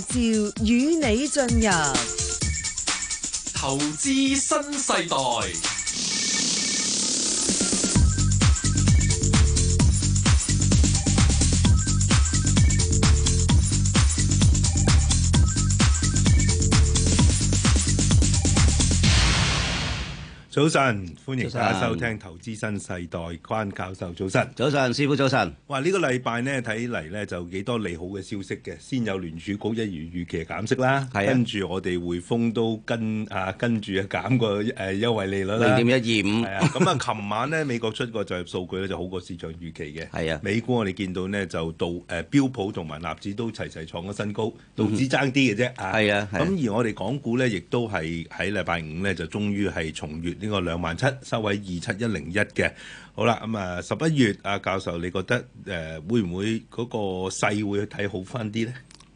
焯照與你進入投資新世代。早晨，歡迎大家收聽投資新世代，關教授早晨。早晨，師傅早晨。早晨哇，呢、這個禮拜咧睇嚟呢就幾多利好嘅消息嘅，先有聯儲局一如預期嘅減息啦、啊啊，跟住我哋匯豐都跟啊跟住減個誒、呃、優惠利率零點一二五，咁啊，琴晚呢，美國出個就業數據咧就好過市場預期嘅，啊、美股我哋見到呢，就道誒、呃、標普同埋納指都齊齊創咗新高，道指爭啲嘅啫，咁而我哋港股呢，亦都係喺禮拜五呢，就終於係重月。呢個兩萬七收位二七一零一嘅，好啦咁啊十一月啊教授，你覺得誒、呃、會唔會嗰個勢會睇好翻啲呢？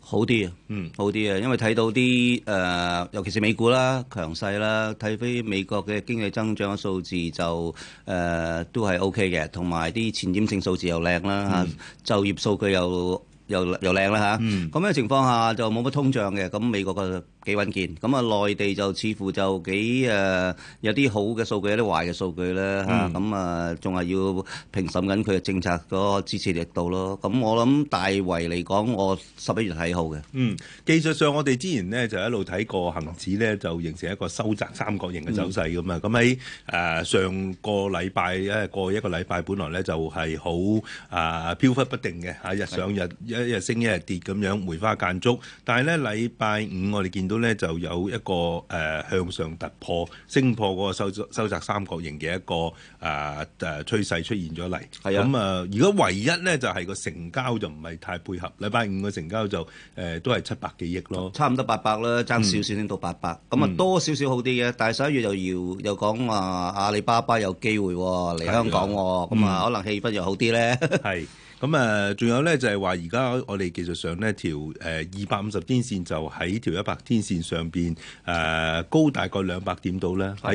好啲啊，嗯，好啲啊，因為睇到啲誒、呃，尤其是美股啦強勢啦，睇翻美國嘅經濟增長嘅數字就誒、呃、都係 OK 嘅，同埋啲前瞻性數字又靚啦嚇、嗯啊，就業數據又又又靚啦嚇，咁、啊、嘅、嗯、情況下就冇乜通脹嘅，咁美國嘅。幾穩健咁啊！內地就似乎就幾誒、呃、有啲好嘅數據，有啲壞嘅數據咧嚇。咁、嗯、啊，仲係要評審緊佢嘅政策個支持力度咯。咁我諗大圍嚟講，我十一月睇好嘅。嗯，技術上我哋之前呢就一路睇過恒指呢，就形成一個收窄三角形嘅走勢咁啊。咁喺誒上個禮拜咧、呃、過一個禮拜，本來呢就係好啊飄忽不定嘅嚇，日上日的一日升一日跌咁樣，樣梅花間竹。但係呢禮拜五我哋見到。咧就有一個誒、呃、向上突破、升破嗰個收收窄三角形嘅一個啊誒、呃、趨勢出現咗嚟，咁啊如果唯一咧就係、是、個成交就唔係太配合，禮拜五個成交就誒、呃、都係七百幾億咯差，差唔、嗯、多八百啦，爭少少先到八百，咁啊多少少好啲嘅，但係十一月又要又講話、啊、阿里巴巴有機會嚟、哦、香港、哦，咁啊是的 可能氣氛又好啲咧。係。嗯 咁誒，仲、嗯、有咧就係話，而家我哋技術上呢條誒二百五十天線就喺條一百天線上邊誒、呃、高大概兩百點度啦，喺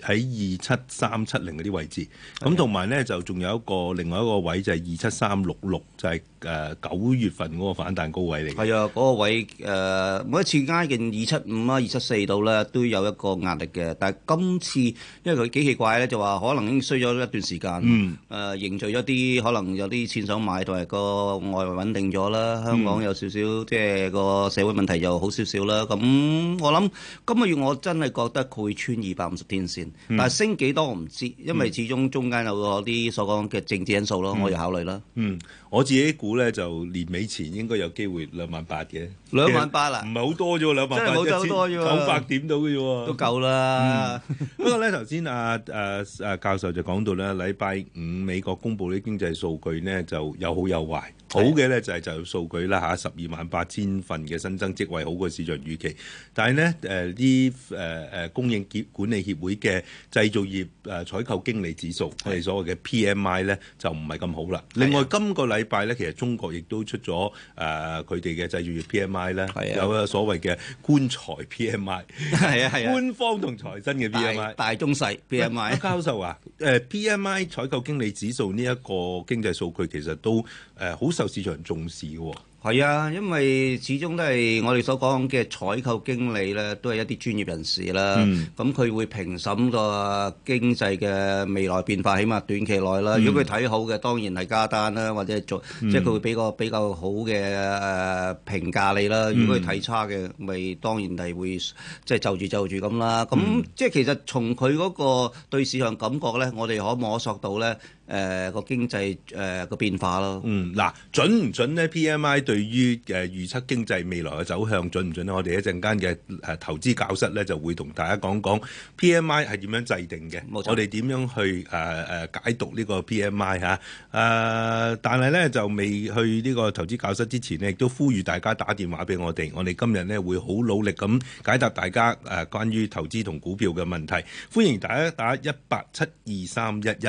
二喺二七三七零嗰啲位置。咁同埋咧就仲有一個另外一個位就係二七三六六就係、是。誒九月份嗰個反彈高位嚟嘅，係啊嗰個位誒，每一次挨近二七五啊二七四度咧，都有一個壓力嘅。但係今次因為佢幾奇怪咧，就話可能已經衰咗一段時間，誒凝聚咗啲可能有啲錢想買，同埋個外圍穩定咗啦，香港有少少即係個社會問題又好少少啦。咁我諗今個月我真係覺得佢會穿二百五十天線，但係升幾多我唔知，因為始終中間有嗰啲所講嘅政治因素咯，我要考慮啦。嗯，我自己估。咧就年尾前應該有機會兩萬八嘅，兩萬八啦，唔係好多啫喎，兩萬八即多啫，九百點到嘅啫喎，都夠啦。不過咧頭先阿阿阿教授就講到咧，禮拜五美國公布啲經濟數據咧，就有好有壞。好嘅咧就係、是、就數據啦嚇，十二萬八千份嘅新增職位好過市場預期，但係呢誒啲誒誒供應協管理協會嘅製造業誒採購經理指數，我哋是所謂嘅 PMI 咧就唔係咁好啦。另外、啊、今個禮拜咧，其實中國亦都出咗誒佢哋嘅製造業 PMI 咧，啊、有個所謂嘅官財 PMI，係啊係啊， 官方同財新嘅 PMI 大，大中細 PMI 教授啊，誒 PMI 採購經理指數呢一個經濟數據其實都。誒，好、呃、受市場重視嘅喎。係啊，因為始終都係我哋所講嘅採購經理咧，都係一啲專業人士啦。咁佢、嗯、會評審個經濟嘅未來變化，起碼短期內啦。嗯、如果佢睇好嘅，當然係加單啦，或者做即係佢會俾個比較好嘅誒評價你啦。嗯、如果佢睇差嘅，咪當然係會即係就住就住咁啦。咁、嗯、即係其實從佢嗰個對市場感覺咧，我哋可摸索到咧誒個經濟誒個變化咯。嗯，嗱準唔準咧？P M I、do? 對於誒預測經濟未來嘅走向準唔準咧？我哋一陣間嘅誒投資教室咧就會同大家講講 P M I 係點樣制定嘅，冇錯。我哋點樣去誒誒解讀呢個 P M I 吓誒、呃，但係呢，就未去呢個投資教室之前咧，亦都呼籲大家打電話俾我哋，我哋今日咧會好努力咁解答大家誒關於投資同股票嘅問題，歡迎大家打一八七二三一一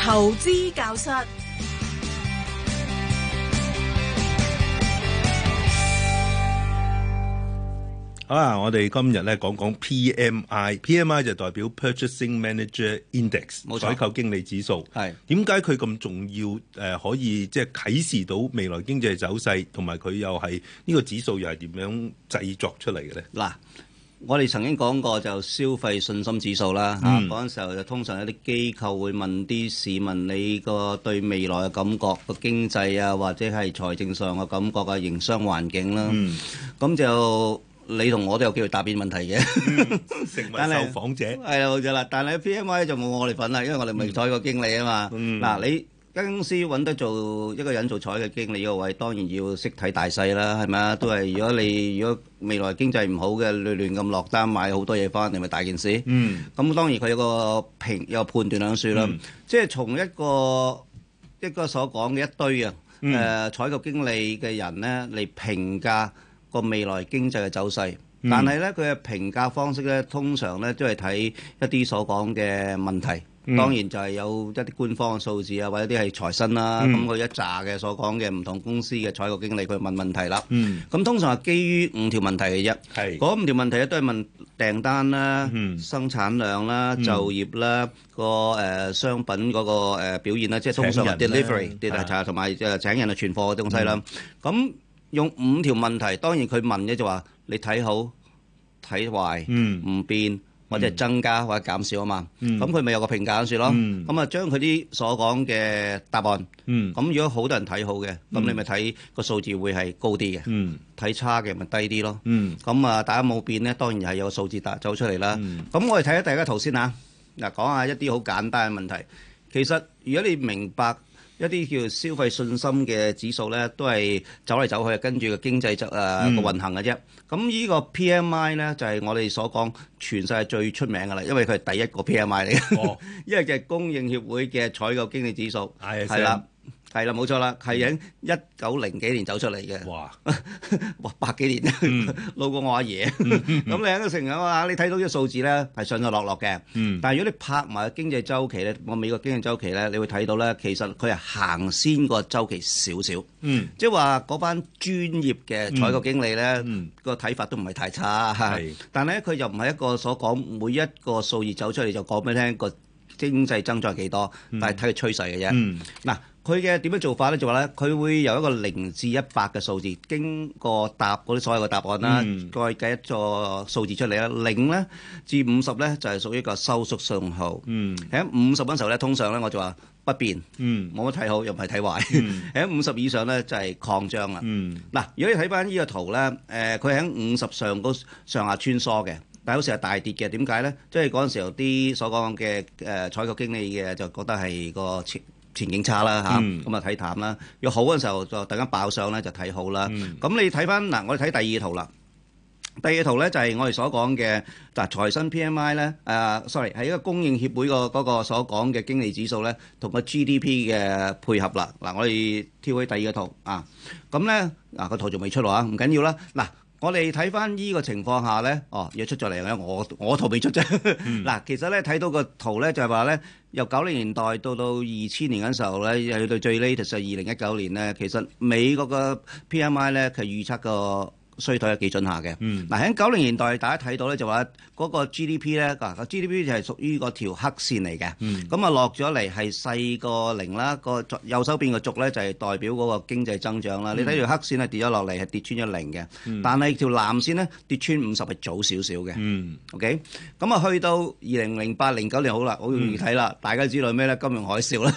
投資教室。好啦！我哋今日咧講講 PMI，PMI PM 就代表 Purchasing Manager Index 採錯購經理指數。係點解佢咁重要？誒、呃、可以即係啟示到未來經濟嘅走勢，同埋佢又係呢、這個指數又係點樣製作出嚟嘅咧？嗱，我哋曾經講過就消費信心指數啦。嚇嗰陣時候就通常有啲機構會問啲市民你個對未來嘅感覺、個經濟啊，或者係財政上嘅感覺啊、個營商環境啦。咁、嗯、就你同我都有機會答辯問題嘅，成為受訪者係啦，好咗啦。但係 PMI 就冇我哋份啦，因為我哋唔係採購經理啊嘛。嗱，你間公司揾得做一個人做採購經理嘅位，當然要識睇大細啦，係咪啊？都係如果你如果未來經濟唔好嘅，亂亂咁落單買好多嘢翻，你咪大件事。咁當然佢有個評有個判斷上算啦。即係從一個一個所講嘅一堆啊，誒採購經理嘅人咧嚟評價。個未來經濟嘅走勢，但係咧佢嘅評價方式咧，通常咧都係睇一啲所講嘅問題。當然就係有一啲官方嘅數字啊，或者啲係財新啦。咁佢一紮嘅所講嘅唔同公司嘅採購經理，佢問問題啦。咁通常係基於五條問題嘅啫。係嗰五條問題咧都係問訂單啦、生產量啦、就業啦、個誒商品嗰個誒表現啦，即係通常 delivery 同埋誒請人去存貨嘅東西啦。咁用五條問題，當然佢問嘅就話你睇好、睇壞、唔變或者增加或者減少啊嘛。咁佢咪有個評價數咯。咁啊將佢啲所講嘅答案，咁如果好多人睇好嘅，咁你咪睇個數字會係高啲嘅。睇差嘅咪低啲咯。咁啊大家冇變咧，當然係有個數字達走出嚟啦。咁我哋睇下大家頭先嚇。嗱，講下一啲好簡單嘅問題。其實如果你明白。一啲叫消費信心嘅指數咧，都係走嚟走去，跟住個經濟就、呃、運行嘅啫。咁依、嗯、個 P M I 咧，就係、是、我哋所講全世界最出名嘅啦，因為佢係第一個 P M I 嚟，哦、 因為嘅供應協會嘅採購經理指數係啦。哦了係啦，冇錯啦，係喺一九零幾年走出嚟嘅。哇！ 哇，百幾年、嗯、老過我阿爺。咁、嗯嗯、 你喺度成日話，你睇到啲數字咧，係上上落落嘅。嗯、但係如果你拍埋經濟周期咧，我美國經濟周期咧，你會睇到咧，其實佢係行先個周期少少。嗯。即係話嗰班專業嘅採購經理咧，個睇、嗯嗯、法都唔係太差。係、嗯。但係咧，佢就唔係一個所講，每一個數字走出嚟就講俾你聽個經濟增長係幾多，但係睇佢趨勢嘅啫。嗱、嗯。嗯嗯佢嘅點樣做法咧？就話咧，佢會由一個零至一百嘅數字，經過答嗰啲所有嘅答案啦，再計一個數字出嚟啦。零咧至五十咧，就係屬於一個收縮信號。喺五十嗰陣時候咧，通常咧，我就話不變。冇乜睇好，又唔係睇壞。喺五十以上咧，就係擴張啦。嗱，如果你睇翻呢個圖咧，誒，佢喺五十上高上下穿梭嘅，但係好似係大跌嘅。點解咧？即係嗰陣時候啲所講嘅誒採購經理嘅就覺得係個前，前景差啦嚇，咁啊睇、嗯、淡啦。要好嘅時候，就大家爆相咧就睇好啦。咁、嗯、你睇翻嗱，我哋睇第二圖啦。第二圖咧就係我哋所講嘅就財新 PMI 咧，誒、啊，sorry 係一個供應協會個嗰個所講嘅經理指數咧，同個 GDP 嘅配合啦。嗱、啊，我哋跳起第二個圖啊。咁咧嗱個圖仲未出爐啊，唔緊要啦。嗱。我哋睇翻依個情況下呢，哦，要出咗嚟啊！我我圖未出啫。嗱， 嗯、其實呢，睇到個圖呢，就係話呢，由九零年代到到二千年嗰陣時候呢，又去到最 late 二零一九年呢，其實美國個 PMI 呢，係預測個衰退係幾準下嘅。嗱喺九零年代，大家睇到咧就話嗰個 GDP，咧，個 GDP 就係屬於嗰條黑線嚟嘅。咁啊落咗嚟係細過零啦，個右手邊嘅軸咧就係代表嗰個經濟增長啦。你睇條黑線係跌咗落嚟，係跌穿咗零嘅。但係條藍線咧跌穿五十係早少少嘅。OK，咁啊去到二零零八零九年好啦，好容易睇啦，大家知道咩咧？金融海嘯啦，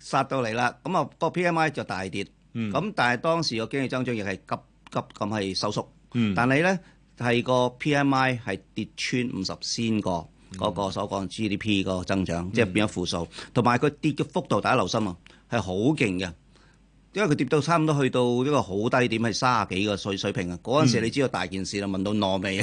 殺到嚟啦。咁啊個 PMI 就大跌。咁但係當時個經濟增長亦係急。急咁係收縮，但係咧係個 P M I 係跌穿五十先個嗰個所講 G D P 個增長，即係變咗負數，同埋佢跌嘅幅度大家留心啊，係好勁嘅，因為佢跌到差唔多去到一個好低點，係三十幾個水水平啊。嗰陣時你知道大件事啦，問到糯米，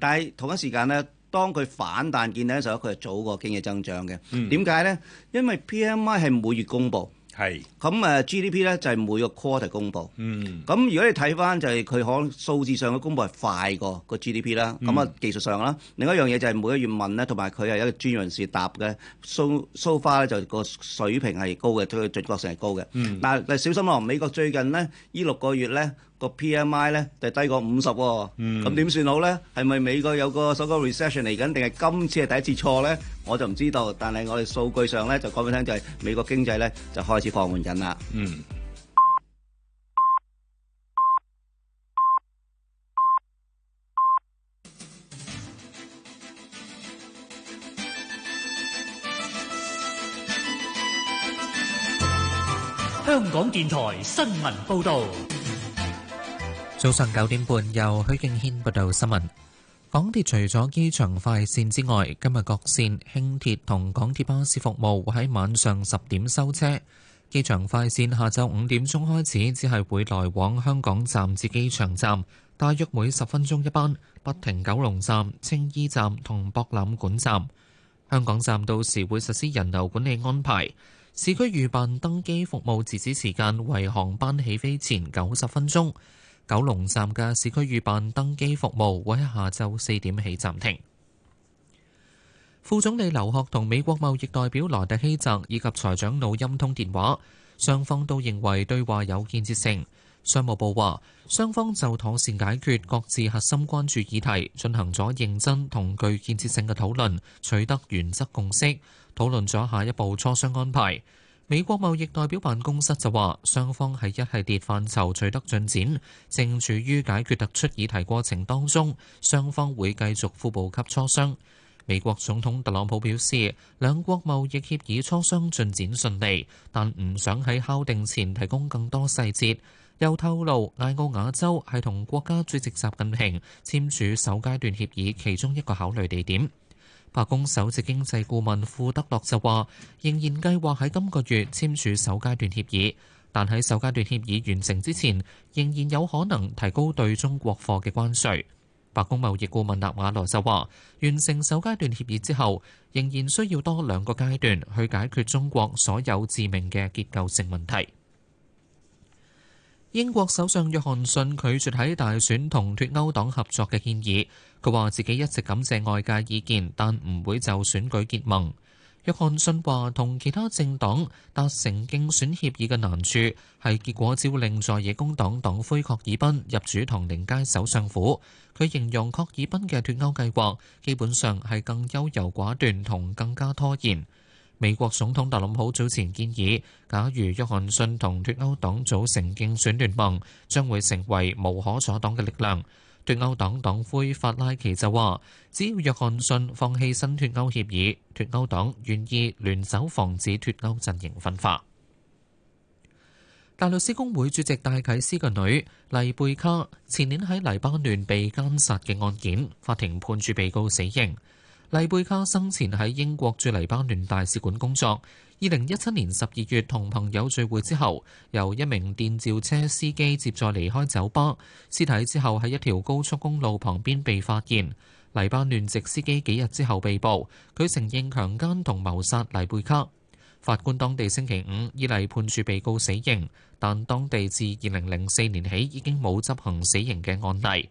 但係同一時間咧，當佢反彈見底嗰時候，佢係早過經濟增長嘅。點解咧？因為 P M I 係每月公布。係，咁誒 GDP 咧就係、是、每個 quarter 公布，咁、嗯、如果你睇翻就係、是、佢可能數字上嘅公布係快過個 GDP 啦，咁啊技術上啦，嗯、另一樣嘢就係每一月問咧，同埋佢係一個專業人士答嘅，so so far 咧就個水平係高嘅，佢嘅準確性係高嘅、嗯，但係小心咯，美國最近咧呢六個月咧。個 PMI 咧就低過五十喎，咁點算好咧？係咪美國有個首個 recession 嚟緊，定係今次係第一次錯咧？我就唔知道，但係我哋數據上咧就講俾聽，就係美國經濟咧就開始放緩緊啦。嗯。香港電台新聞報導。早上九點半，由許敬軒報道新聞。港鐵除咗機場快線之外，今日各線輕鐵同港鐵巴士服務會喺晚上十點收車。機場快線下晝五點鐘開始，只係會來往香港站至機場站，大約每十分鐘一班，不停九龍站、青衣站同博覽館站。香港站到時會實施人流管理安排。市區預辦登機服務截止時間為航班起飛前九十分鐘。九龍站嘅市區預辦登機服務會喺下晝四點起暫停。副總理劉鶴同美國貿易代表萊特希澤以及財長努欽通電話，雙方都認為對話有建設性。商務部話，雙方就妥善解決各自核心關注議題進行咗認真同具建設性嘅討論，取得原則共識，討論咗下一步磋商安排。美國貿易代表辦公室就話雙方喺一系列範疇取得進展，正處於解決突出議題過程當中，雙方會繼續副部級磋商。美國總統特朗普表示，兩國貿易協議磋商進展順利，但唔想喺敲定前提供更多細節，又透露，愛奧亞州係同國家主席習近平簽署首階段協議其中一個考慮地點。白宮首席經濟顧問庫德洛就話，仍然計劃喺今個月簽署首階段協議，但喺首階段協議完成之前，仍然有可能提高對中國貨嘅關稅。白宮貿易顧問納瓦羅就話，完成首階段協議之後，仍然需要多兩個階段去解決中國所有致命嘅結構性問題。英國首相約翰遜拒絕喺大選同脱歐黨合作嘅建議，佢話自己一直感謝外界意見，但唔會就選舉結盟。約翰遜話同其他政黨達成競選協議嘅難處係結果只會令在野工黨黨魁郝爾濱入主唐寧街首相府，佢形容郝爾濱嘅脱歐計劃基本上係更優柔寡斷同更加拖延。美國總統特朗普早前建議，假如約翰遜同脱歐黨組成競選聯盟，將會成為無可阻擋嘅力量。脱歐黨黨魁法拉奇就話：只要約翰遜放棄新脱歐協議，脱歐黨願意聯手防止脱歐陣營分化。大律師公會主席戴啟斯嘅女黎貝卡前年喺黎巴嫩被奸殺嘅案件，法庭判處被告死刑。麗貝卡生前喺英國駐黎巴嫩大使館工作。二零一七年十二月，同朋友聚會之後，由一名電召車司機接載離開酒吧，屍體之後喺一條高速公路旁邊被發現。黎巴嫩籍司機幾日之後被捕，佢承認強姦同謀殺麗貝卡。法官當地星期五依例判處被告死刑，但當地自二零零四年起已經冇執行死刑嘅案例。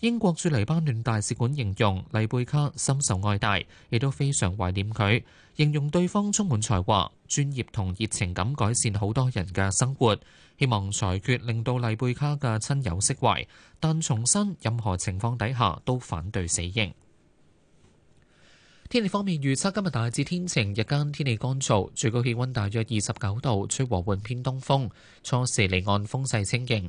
英國駐黎巴嫩大使館形容麗貝卡深受愛戴，亦都非常懷念佢。形容對方充滿才華、專業同熱情，敢改善好多人嘅生活。希望裁決令到麗貝卡嘅親友釋懷，但重申任何情況底下都反對死刑。天氣方面預測今日大致天晴，日間天氣乾燥，最高氣温大約二十九度，吹和緩偏東風，初時離岸風勢清勁。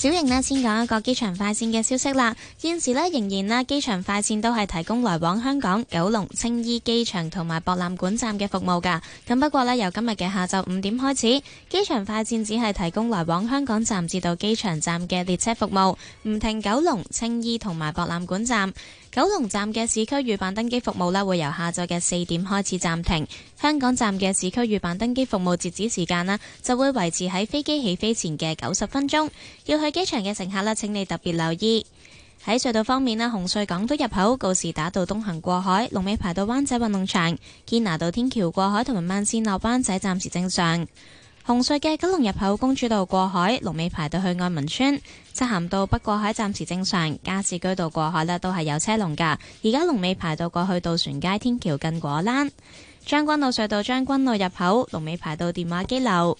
小瑩咧，先講一個機場快線嘅消息啦。現時咧仍然啦，機場快線都係提供來往香港、九龍、青衣機場同埋博覽館站嘅服務噶。咁不過咧，由今日嘅下晝五點開始，機場快線只係提供來往香港站至到機場站嘅列車服務，唔停九龍、青衣同埋博覽館站。九龍站嘅市區預辦登機服務啦，會由下晝嘅四點開始暫停；香港站嘅市區預辦登機服務截止時間啦，就會維持喺飛機起飛前嘅九十分鐘。要去機場嘅乘客啦，請你特別留意。喺隧道方面啦，紅隧港島入口告士打道東行過海、龍尾排到灣仔運動場、堅拿道天橋過海同埋慢綫落灣仔，暫時正常。紅隧嘅九龍入口，公主道過海龍尾排到去愛民村，漆咸道北過海暫時正常，加士居道過海呢都係有車龍噶。而家龍尾排到過去渡船街天橋近果欄。將軍澳隧道將軍澳入口，龍尾排到電話機樓。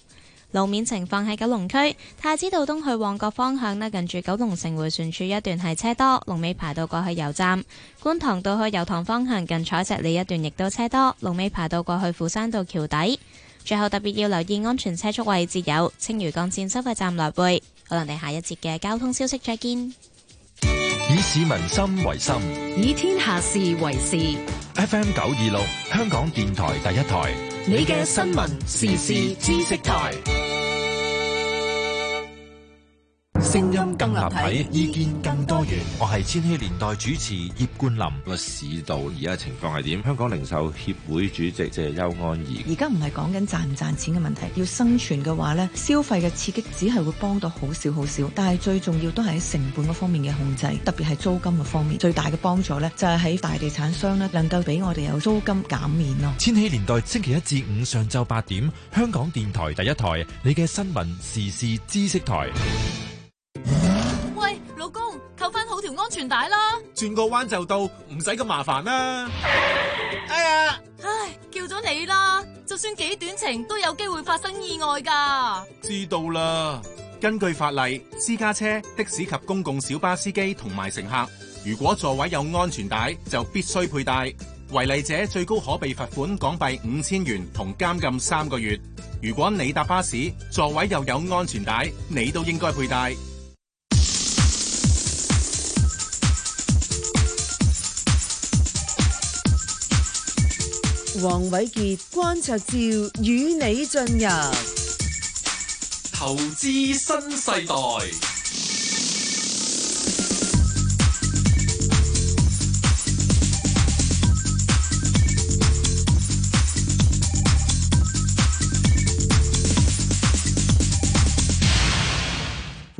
路面情況喺九龍區太子道東去旺角方向呢，近住九龍城回旋處一段係車多，龍尾排到過去油站。觀塘道去油塘方向近彩石里一段亦都車多，龍尾排到過去斧山道橋底。最後特別要留意安全車速位置有青嶼幹線收費站來回，我哋下一節嘅交通消息再見。以市民心為心，以天下事為事。FM 九二六，香港電台第一台，你嘅新聞時事知識台。聲音更立體，意見更多元。我係千禧年代主持葉冠林。個市道而家情況係點？香港零售協會主席謝邱安儀。而家唔係講緊賺唔賺錢嘅問題，要生存嘅話咧，消費嘅刺激只係會幫到好少好少。但係最重要都係喺成本嗰方面嘅控制，特別係租金嗰方面最大嘅幫助呢，就係喺大地產商咧，能夠俾我哋有租金減免咯。千禧年代星期一至五上晝八點，香港電台第一台，你嘅新聞時事知識台。安全帶啦，轉個彎就到，唔使咁麻煩啦。啊。哎呀，唉，叫咗你啦，就算幾短程都有機會發生意外噶。知道啦，根據法例，私家車、的士及公共小巴司機同埋乘客，如果座位有安全帶，就必須佩戴。違例者最高可被罰款港幣五千元同監禁三個月。如果你搭巴士，座位又有安全帶，你都應該佩戴。黃瑋傑、關焯照，與你進入投資新世代。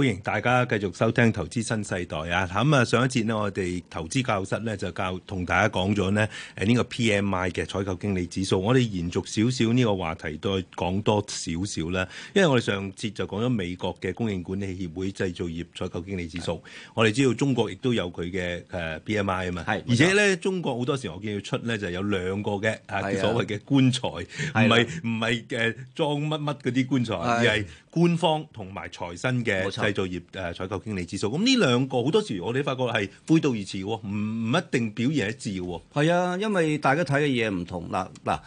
歡迎大家繼續收聽《投資新世代》啊！咁啊，上一節咧，我哋投資教室咧就教同大家講咗咧誒呢個 P M I 嘅採購經理指數。我哋延續少少呢個話題，再講多少少啦。因為我哋上一節就講咗美國嘅供應管理協會製造業採購經理指數。的我哋知道中國亦都有佢嘅誒 P M I 啊嘛。係。而且呢，的中國好多時我見佢出呢就係、有兩個嘅所謂嘅的棺材，唔係唔係嘅裝乜乜嗰啲棺材，而係的。官方同埋財新嘅製造業誒採購經理指數，咁呢冇錯，兩個好多時我哋發覺係背道而馳喎，唔唔一定表現一致喎。係啊，因為大家睇嘅嘢唔同啦。嗱，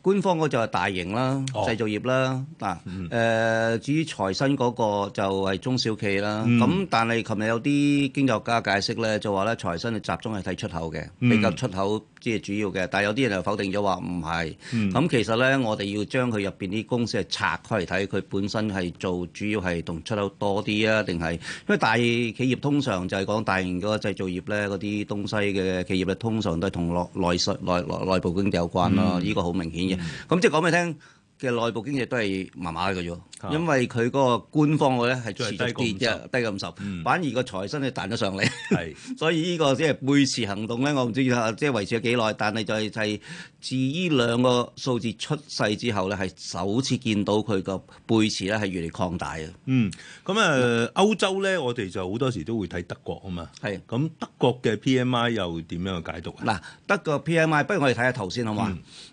官方嗰就係大型啦，製造業啦。嗱、哦，誒、呃、至於財新嗰個就係中小企啦。咁、嗯、但係琴日有啲經濟學家解釋咧，就話咧財新係集中係睇出口嘅，比較出口。即係主要嘅，但係有啲人又否定咗話唔係。咁、嗯、其實咧，我哋要將佢入邊啲公司係拆開嚟睇，佢本身係做主要係同出口多啲啊，定係因為大企業通常就係、是、講大型嗰個製造業咧，嗰啲東西嘅企業咧，通常都係同內內內內，內部經濟有關咯。呢個好明顯嘅。咁、嗯嗯、即係講俾你聽。嘅內部經濟都係麻麻嘅啫，因為佢嗰個官方嘅咧係持低跌嘅，低咗五十，嗯、反而個財新咧彈咗上嚟，係是 所以呢個即係背馳行動咧，我唔知即係維持咗幾耐，但係就係係自呢兩個數字出世之後咧，係首次見到佢個背馳咧係越嚟擴大嘅、嗯。嗯，咁、嗯、啊，歐洲咧，我哋就好多時都會睇德國啊嘛。係咁是、嗯，德國嘅 PMI 又點樣去解讀啊？嗱，德國 PMI，不如我哋睇下圖先好嘛？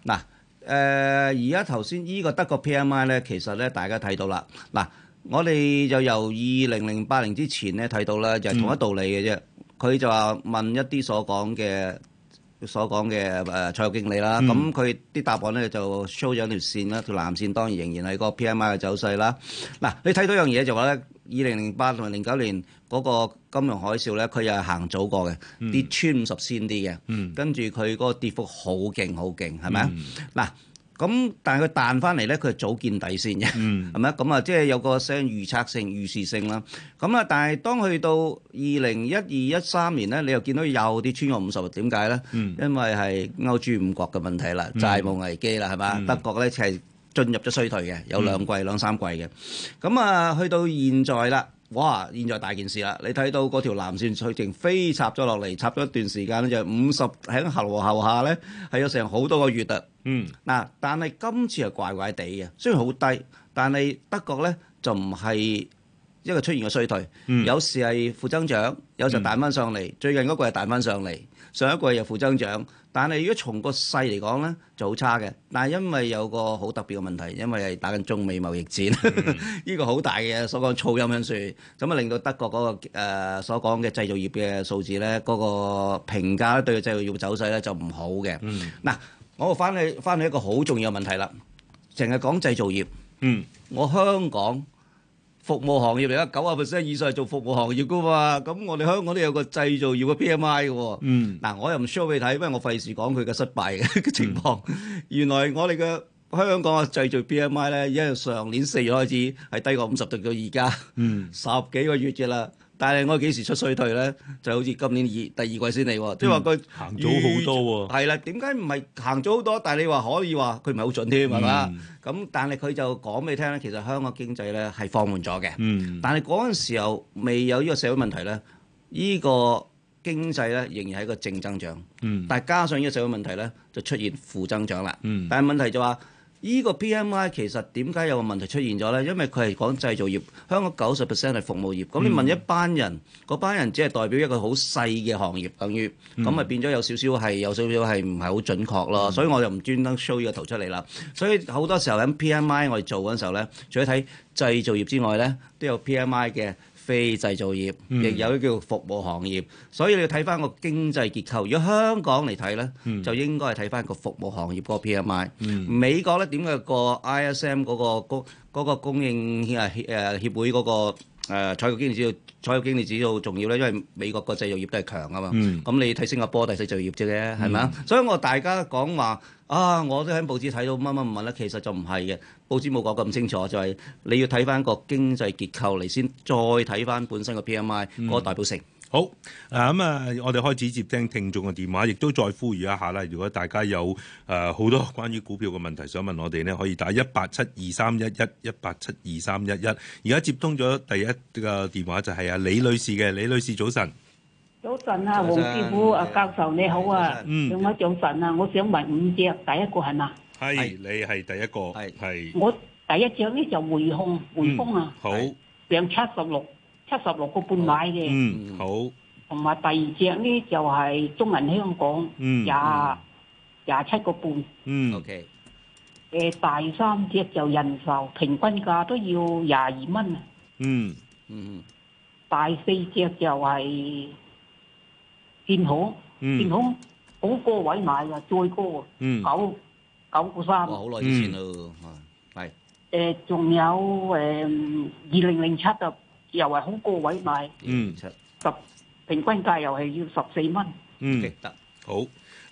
嗱、嗯。嗯誒而家頭先呢個德國 PMI 咧，其實咧大家睇到啦，嗱，我哋就由二零零八年之前咧睇到啦，就係、同一道理嘅啫。佢、嗯、就話問一啲所講嘅所講嘅誒財務經理啦，咁佢啲答案咧就 show 咗一條線啦，條藍線當然仍然係個 PMI 嘅走勢啦。嗱，你睇到樣嘢就話咧。二零零八同埋零九年嗰個金融海嘯咧，佢又係行早過嘅，跌穿五十先啲嘅，跟住佢嗰個跌幅好勁好勁，係咪、嗯、啊？嗱，咁但係佢彈翻嚟咧，佢係早見底先嘅，係咪啊？咁啊，嗯、即係有個聲預測性預示性啦。咁啊，但係當去到二零一二一三年咧，你又見到又跌穿咗五十，點解咧？因為係歐豬五國嘅問題啦，債務危機啦，係嘛？嗯、德國咧就係、嗯。進入咗衰退嘅，有兩季兩三季嘅，咁、嗯、啊，去到現在啦，哇！現在大件事啦，你睇到嗰條藍線趨勢飛插咗落嚟，插咗一段時間咧就五十，喺後和後下咧係有成好多個月㗎。嗯，嗱、啊，但係今次係怪怪地嘅，雖然好低，但係德國咧就唔係一個出現嘅衰退，嗯、有時係負增長，有時候彈翻上嚟，嗯、最近嗰個係彈翻上嚟，上一個又負增長。但係如果從個勢嚟講呢，就好差嘅，但係因為有個好特別嘅問題，因為係打緊中美貿易戰，呢個好大嘅所講噪音因素，咁啊令到德國嗰、那個、呃、所講嘅製造業嘅數字呢，嗰、那個評價呢對個製造業走勢呢，就唔好嘅。嗱，我翻去翻去一個好重要嘅問題啦，淨係講製造業，mm. 我香港。服務行業而家九啊 percent 以上係做服務行業噶嘛，咁我哋香港都有個製造業嘅 PMI 嘅，嗱、嗯、我又唔 show 你睇，因為我費事講佢嘅失敗嘅情況。嗯、原來我哋嘅香港嘅製造 PMI 咧，因為上年四月開始係低過五、嗯、十度到而家，十幾個月之啦。但係我幾時出衰退咧？就好似今年二第二季先嚟喎，即係話佢行咗好多喎、啊。係啦，點解唔係行咗好多？但係你話可以話佢唔係好準添，係嘛、嗯？咁、嗯嗯、但係佢就講俾你聽咧，其實香港經濟咧係放緩咗嘅。嗯。但係嗰陣時候未有呢個社會問題咧，呢、呢個經濟咧仍然係一個正增長。嗯。但係加上呢個社會問題咧，就出現負增長啦。嗯。但係問題就話、是。依個 PMI 其實點解有個問題出現咗咧？因為佢係講製造業，香港九十 percent 係服務業。咁你、嗯、問一班人，嗰班人只係代表一個好細嘅行業，等於咁咪、嗯、變咗有少少係有少少係唔係好準確咯。嗯、所以我就唔專登 show 呢個圖出嚟啦。所以好多時候咧 PMI 我哋做嗰陣時候咧，除咗睇製造業之外咧，都有 PMI 嘅。非製造業亦有啲叫服務行業，嗯、所以你要睇翻個經濟結構。如果香港嚟睇呢，嗯、就應該係睇翻個服務行業個 P M I，嗯。美國呢，點解個 I S M 嗰，嗰個供嗰，嗰個供應協誒協會、嗰個誒採購經理指數，採購經理指數重要咧，因為美國個製造業都係強啊嘛。咁、嗯、你睇新加坡第四製造業啫，係咪啊？嗯、所以我大家講話啊，我都喺報紙睇到乜乜問咧，其實就唔係嘅。報紙冇講咁清楚，就係、是、你要睇翻個經濟結構嚟先，再睇翻本身個 PMI 嗰個代表性。嗯嗯好，啊咁啊，我哋開始接聽聽眾嘅電話，亦都再呼籲一下啦。如果大家有誒好多關於股票嘅問題想問我哋呢，可以打一八七二三一一一八七二三一一。而家接通咗第一個電話就係啊李女士嘅，李女士早晨，早晨啊，黃師傅啊，教授你好啊，嗯，兩位早晨啊，我想問五隻，第一個係咪？係你係第一個，係我第一隻呢，就匯控匯豐啊，好兩七十六。七十六個半買嘅，嗯好。同埋第二隻呢就係中銀香港，嗯，廿廿七個半。嗯，OK。誒第三隻就人壽，平均價都要廿二蚊啊。嗯嗯嗯。第四隻就係建行，建行好高位買啊，再高啊，九九個三。好耐之前咯，係。誒仲有誒二零零七嘅。又係好高位買，嗯，十平均價又係要十四蚊。嗯，得行好，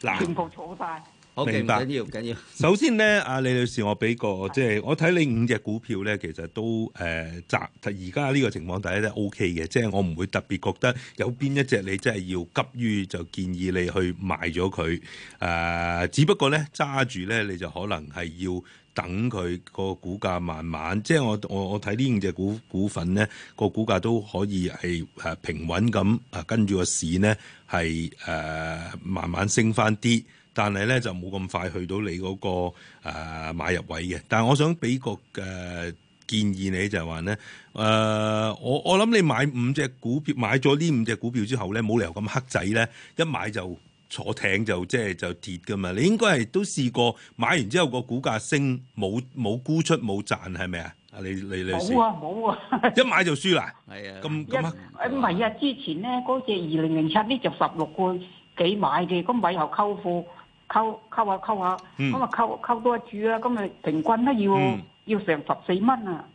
喇全部坐曬，好 okay, 白，唔緊要，唔緊要。首先咧，阿李女士我，就是、我俾個即係我睇你五隻股票咧，其實都誒集而家呢個情況下的，OK 的，大家都 O K 嘅，即係我唔會特別覺得有邊一隻你真係要急於就建議你去賣咗佢。誒、呃，只不過咧揸住咧，你就可能係要。等佢個股價慢慢，即係我我我睇呢五隻股股份咧，個股價都可以係誒平穩咁誒跟住個市咧係誒慢慢升返啲，但係咧就冇咁快去到你嗰、那個誒、呃、買入位嘅。但係我想俾個誒、呃、建議你就，就係話咧誒，我我諗你買五隻股票，買咗呢五隻股票之後咧，冇理由咁黑仔咧，一買就。坐艇就即係就跌㗎嘛，你應該係都試過買完之後個股價升，冇冇沽出冇賺係咪啊？啊你你你冇啊冇啊！一買就輸啦，係啊，咁咁啊，唔係啊，之前咧嗰隻二零零七咧就十六個幾買嘅，咁尾後溝貨溝溝下溝下，咁啊溝溝多一注啦，咁咪平均都要要成十四蚊啊。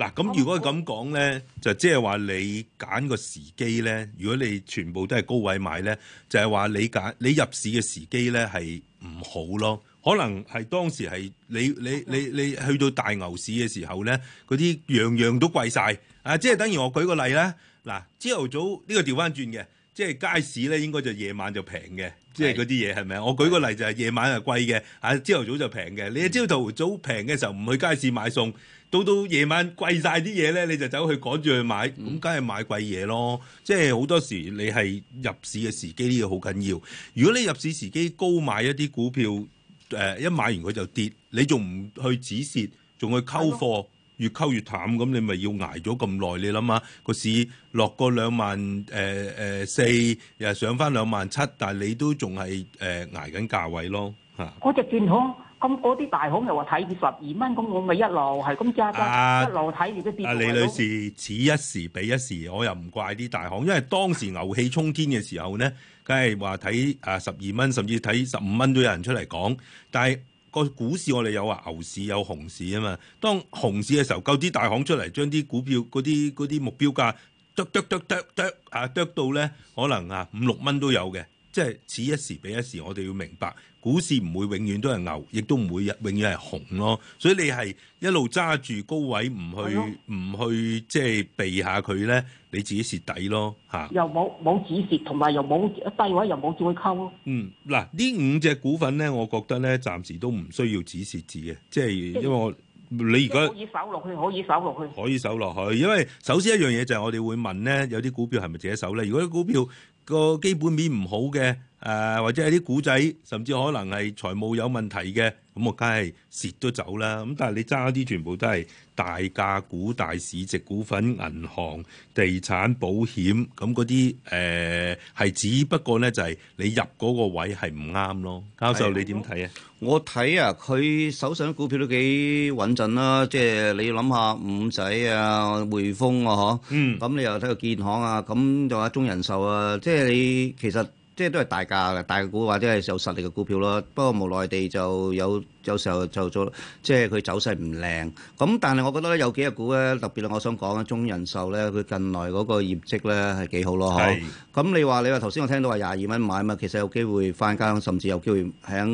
嗱，咁如果咁講咧，就即係話你揀個時機咧。如果你全部都係高位買咧，就係話你揀你入市嘅時機咧係唔好咯。可能係當時係你你你你，你去到大牛市嘅時候咧，嗰啲樣樣都貴晒。啊！即係等於我舉個例啦。嗱、啊，朝頭早呢個調翻轉嘅。即係街市咧，應該就夜晚就平嘅，即係嗰啲嘢係咪啊？是是是的 我舉個例就係、是、夜晚係貴嘅，啊朝頭早就平嘅。你朝頭早平嘅時候唔去街市買餸，到到夜晚貴晒啲嘢咧，你就走去趕住去買，咁梗係買貴嘢咯。即係好多時你係入市嘅時機呢個好緊要。如果你入市時機高買一啲股票，誒、呃、一買完佢就跌，你仲唔去止蝕，仲去溝貨？越溝越淡咁，你咪要挨咗咁耐？你諗下個市落過兩萬誒誒四，又上翻兩萬七，但係你都仲係誒挨緊價位咯嚇。嗰隻建行咁，嗰啲大行又話睇住十二蚊，咁我咪一路係咁揸，一路睇住啲。阿李女士，此一時彼一時，我又唔怪啲大行，因為當時牛氣沖天嘅時候咧，梗係話睇啊十二蚊，甚至睇十五蚊都有人出嚟講，但係。個股市我哋有話牛市有熊市啊嘛，當熊市嘅時候，夠啲大行出嚟，將啲股票嗰啲嗰啲目標價剁剁剁剁剁啊剁到咧，可能啊五六蚊都有嘅。即係此一時彼一時，我哋要明白。股市唔會永遠都係牛，亦都唔會永遠係紅咯。所以你係一路揸住高位唔去唔去，即係的、就是、避下佢咧，你自己蝕底咯嚇。又冇冇止蝕，同埋又冇低位，又冇再溝咯。嗯，嗱，呢五隻股份咧，我覺得咧，暫時都唔需要止蝕止嘅，即係因為我你如果可以守落去，可以守落去，可以守落去。因為首先一樣嘢就係我哋會問咧，有啲股票係咪自己守咧？如果啲股票個基本面唔好嘅，誒、呃、或者係啲股仔，甚至可能係財務有問題嘅，咁我梗係蝕都走啦。咁但係你揸啲全部都係大價股、大市值股份、銀行、地產、保險，咁嗰啲誒係只不過咧就係、是、你入嗰個位係唔啱咯。教授、欸、你點睇啊？我睇啊，佢手上股票都幾穩陣啦。即、就、係、是、你諗下五仔啊、匯豐啊，嗬、嗯，咁你又睇個建行啊，咁就話中人壽啊，即係。即係你其實即係都係大價嘅大股或者係有實力嘅股票咯，不過無奈地就有。有時候就做即係佢走勢唔靚，咁但係我覺得咧有幾隻股咧，特別咧我想講啊，中人壽咧佢近來嗰個業績咧係幾好咯，嚇。咁你話你話頭先我聽到話廿二蚊買啊嘛，其實有機會翻家，甚至有機會喺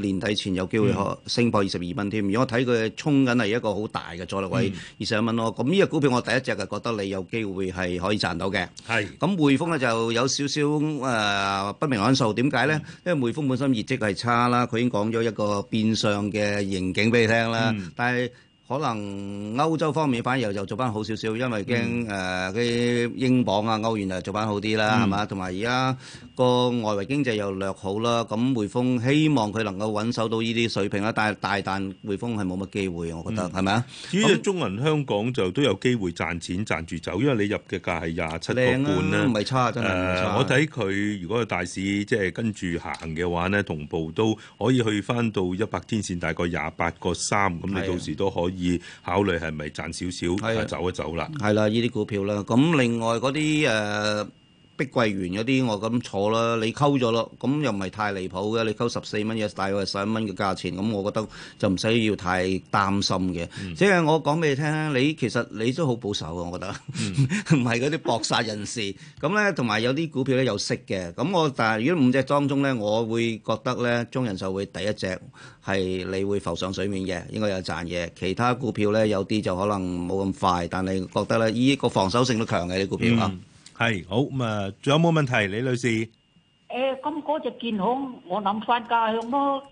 年底前有機會可升破二十二蚊添。如果我睇佢衝緊係一個好大嘅阻力位二十二蚊咯。咁呢隻股票我第一隻係覺得你有機會係可以賺到嘅。係。咁匯豐咧就有少少誒不明朗數，點解咧？因為匯豐本身業績係差啦，佢已經講咗一個變相。嘅刑警俾你聽啦，但係、嗯。可能歐洲方面反而又做翻好少少，因為驚誒啲英鎊啊、歐元啊做翻好啲啦，係嘛、嗯？同埋而家個外圍經濟又略好啦，咁匯豐希望佢能夠穩守到呢啲水平啦。但係大但匯豐係冇乜機會，我覺得係咪啊？咁、嗯、吧至於中銀香港就都有機會賺錢賺住走，因為你入嘅價係廿七個半啦，唔係、嗯、差真係、呃、我睇佢如果有大市即係跟住行嘅話呢，同步都可以去翻到一百天線大概廿八個三，咁你到時都可以。以考慮係咪賺少少，係的走一走啦。係啦，呢啲股票啦。咁另外嗰啲誒。呃碧桂園嗰啲我咁坐啦，你溝咗咯，咁又唔係太離譜嘅，你溝十四蚊嘅，大概係十一蚊嘅價錢，咁我覺得就唔使要太擔心嘅。嗯、即係我講俾你聽咧，你其實你都好保守嘅，我覺得，唔係嗰啲搏殺人士。咁咧，同埋有啲股票咧有息嘅。咁我但係如果五隻當中咧，我會覺得咧中人壽會第一隻係你會浮上水面嘅，應該有賺嘅。其他股票咧有啲就可能冇咁快，但係覺得咧依、這個防守性都強嘅啲、這個、股票啊。嗯係好咁啊！仲有冇問題，李女士？誒，咁嗰隻見好，我諗翻噶，咁咯，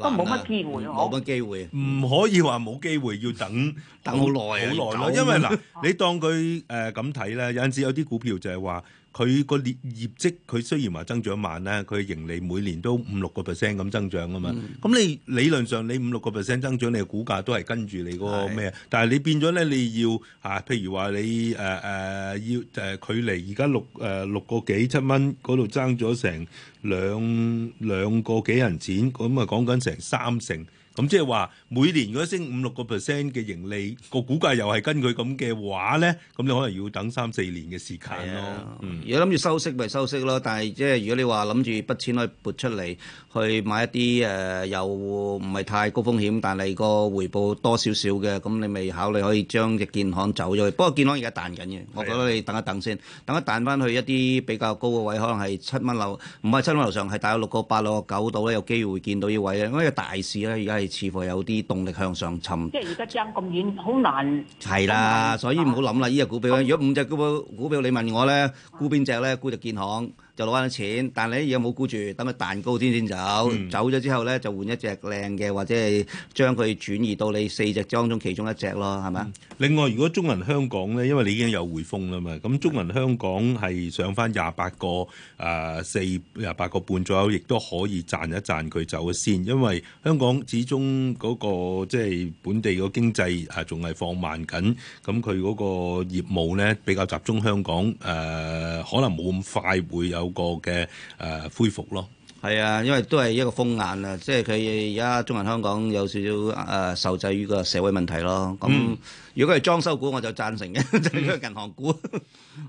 都冇乜機會，冇乜機會，唔可以話冇機會，要等等好耐，好耐啦。因為嗱，你當佢誒咁睇咧，有陣時有啲股票就係話。佢個業業績佢雖然話增長慢咧，佢盈利每年都五六個 percent 咁增長啊嘛。咁、嗯、你理論上你五六個 percent 增長，你嘅股價都係跟住你嗰個咩？是但係你變咗咧，你要啊，譬如話你誒誒、啊啊、要誒、啊、距離而家六誒六個幾七蚊嗰度爭咗成兩兩個幾銀錢，咁啊講緊成三成。咁即係話每年如果升五六個 percent 嘅盈利，個股價又係根據咁嘅話咧，咁你可能要等三四年嘅時間咯。的嗯、如果諗住收息咪收息咯，但係即係如果你話諗住筆錢可以撥出嚟。去買一啲誒、呃、又唔係太高風險，但係個回報多少少嘅，咁你咪考慮可以將隻建行走咗去。不過建行而家彈緊嘅，我覺得你等一等先，的等一彈翻去一啲比較高嘅位，可能係七蚊樓，唔係七蚊樓上，係大概六個八、六個九度咧，有機會見到呢位啊！因為個大市咧而家係似乎有啲動力向上沉。即係而家漲咁遠，好難。係啦，所以唔好諗啦，呢隻股票。啊、如果五隻股股票你問我咧，沽邊隻咧？沽隻建行。就攞翻啲錢，但係你有冇顧住等佢彈高先先走？嗯、走咗之後咧，就換一隻靚嘅，或者係將佢轉移到你四隻當中其中一隻咯，係嘛、嗯？另外，如果中銀香港咧，因為你已經有匯豐啦嘛，咁中銀香港係上翻廿八個誒四廿八個半左右，亦都可以賺一賺佢走先，因為香港始終嗰、嗰個即係本地個經濟啊仲係放慢緊，咁佢嗰個業務咧比較集中香港誒、呃、可能冇咁快會有。個嘅誒恢復咯，係啊，因為都係一個風眼啊，即係佢而家中銀香港有少少誒受制於個社會問題咯。咁如果係裝修股，我就贊成嘅，就係銀行股。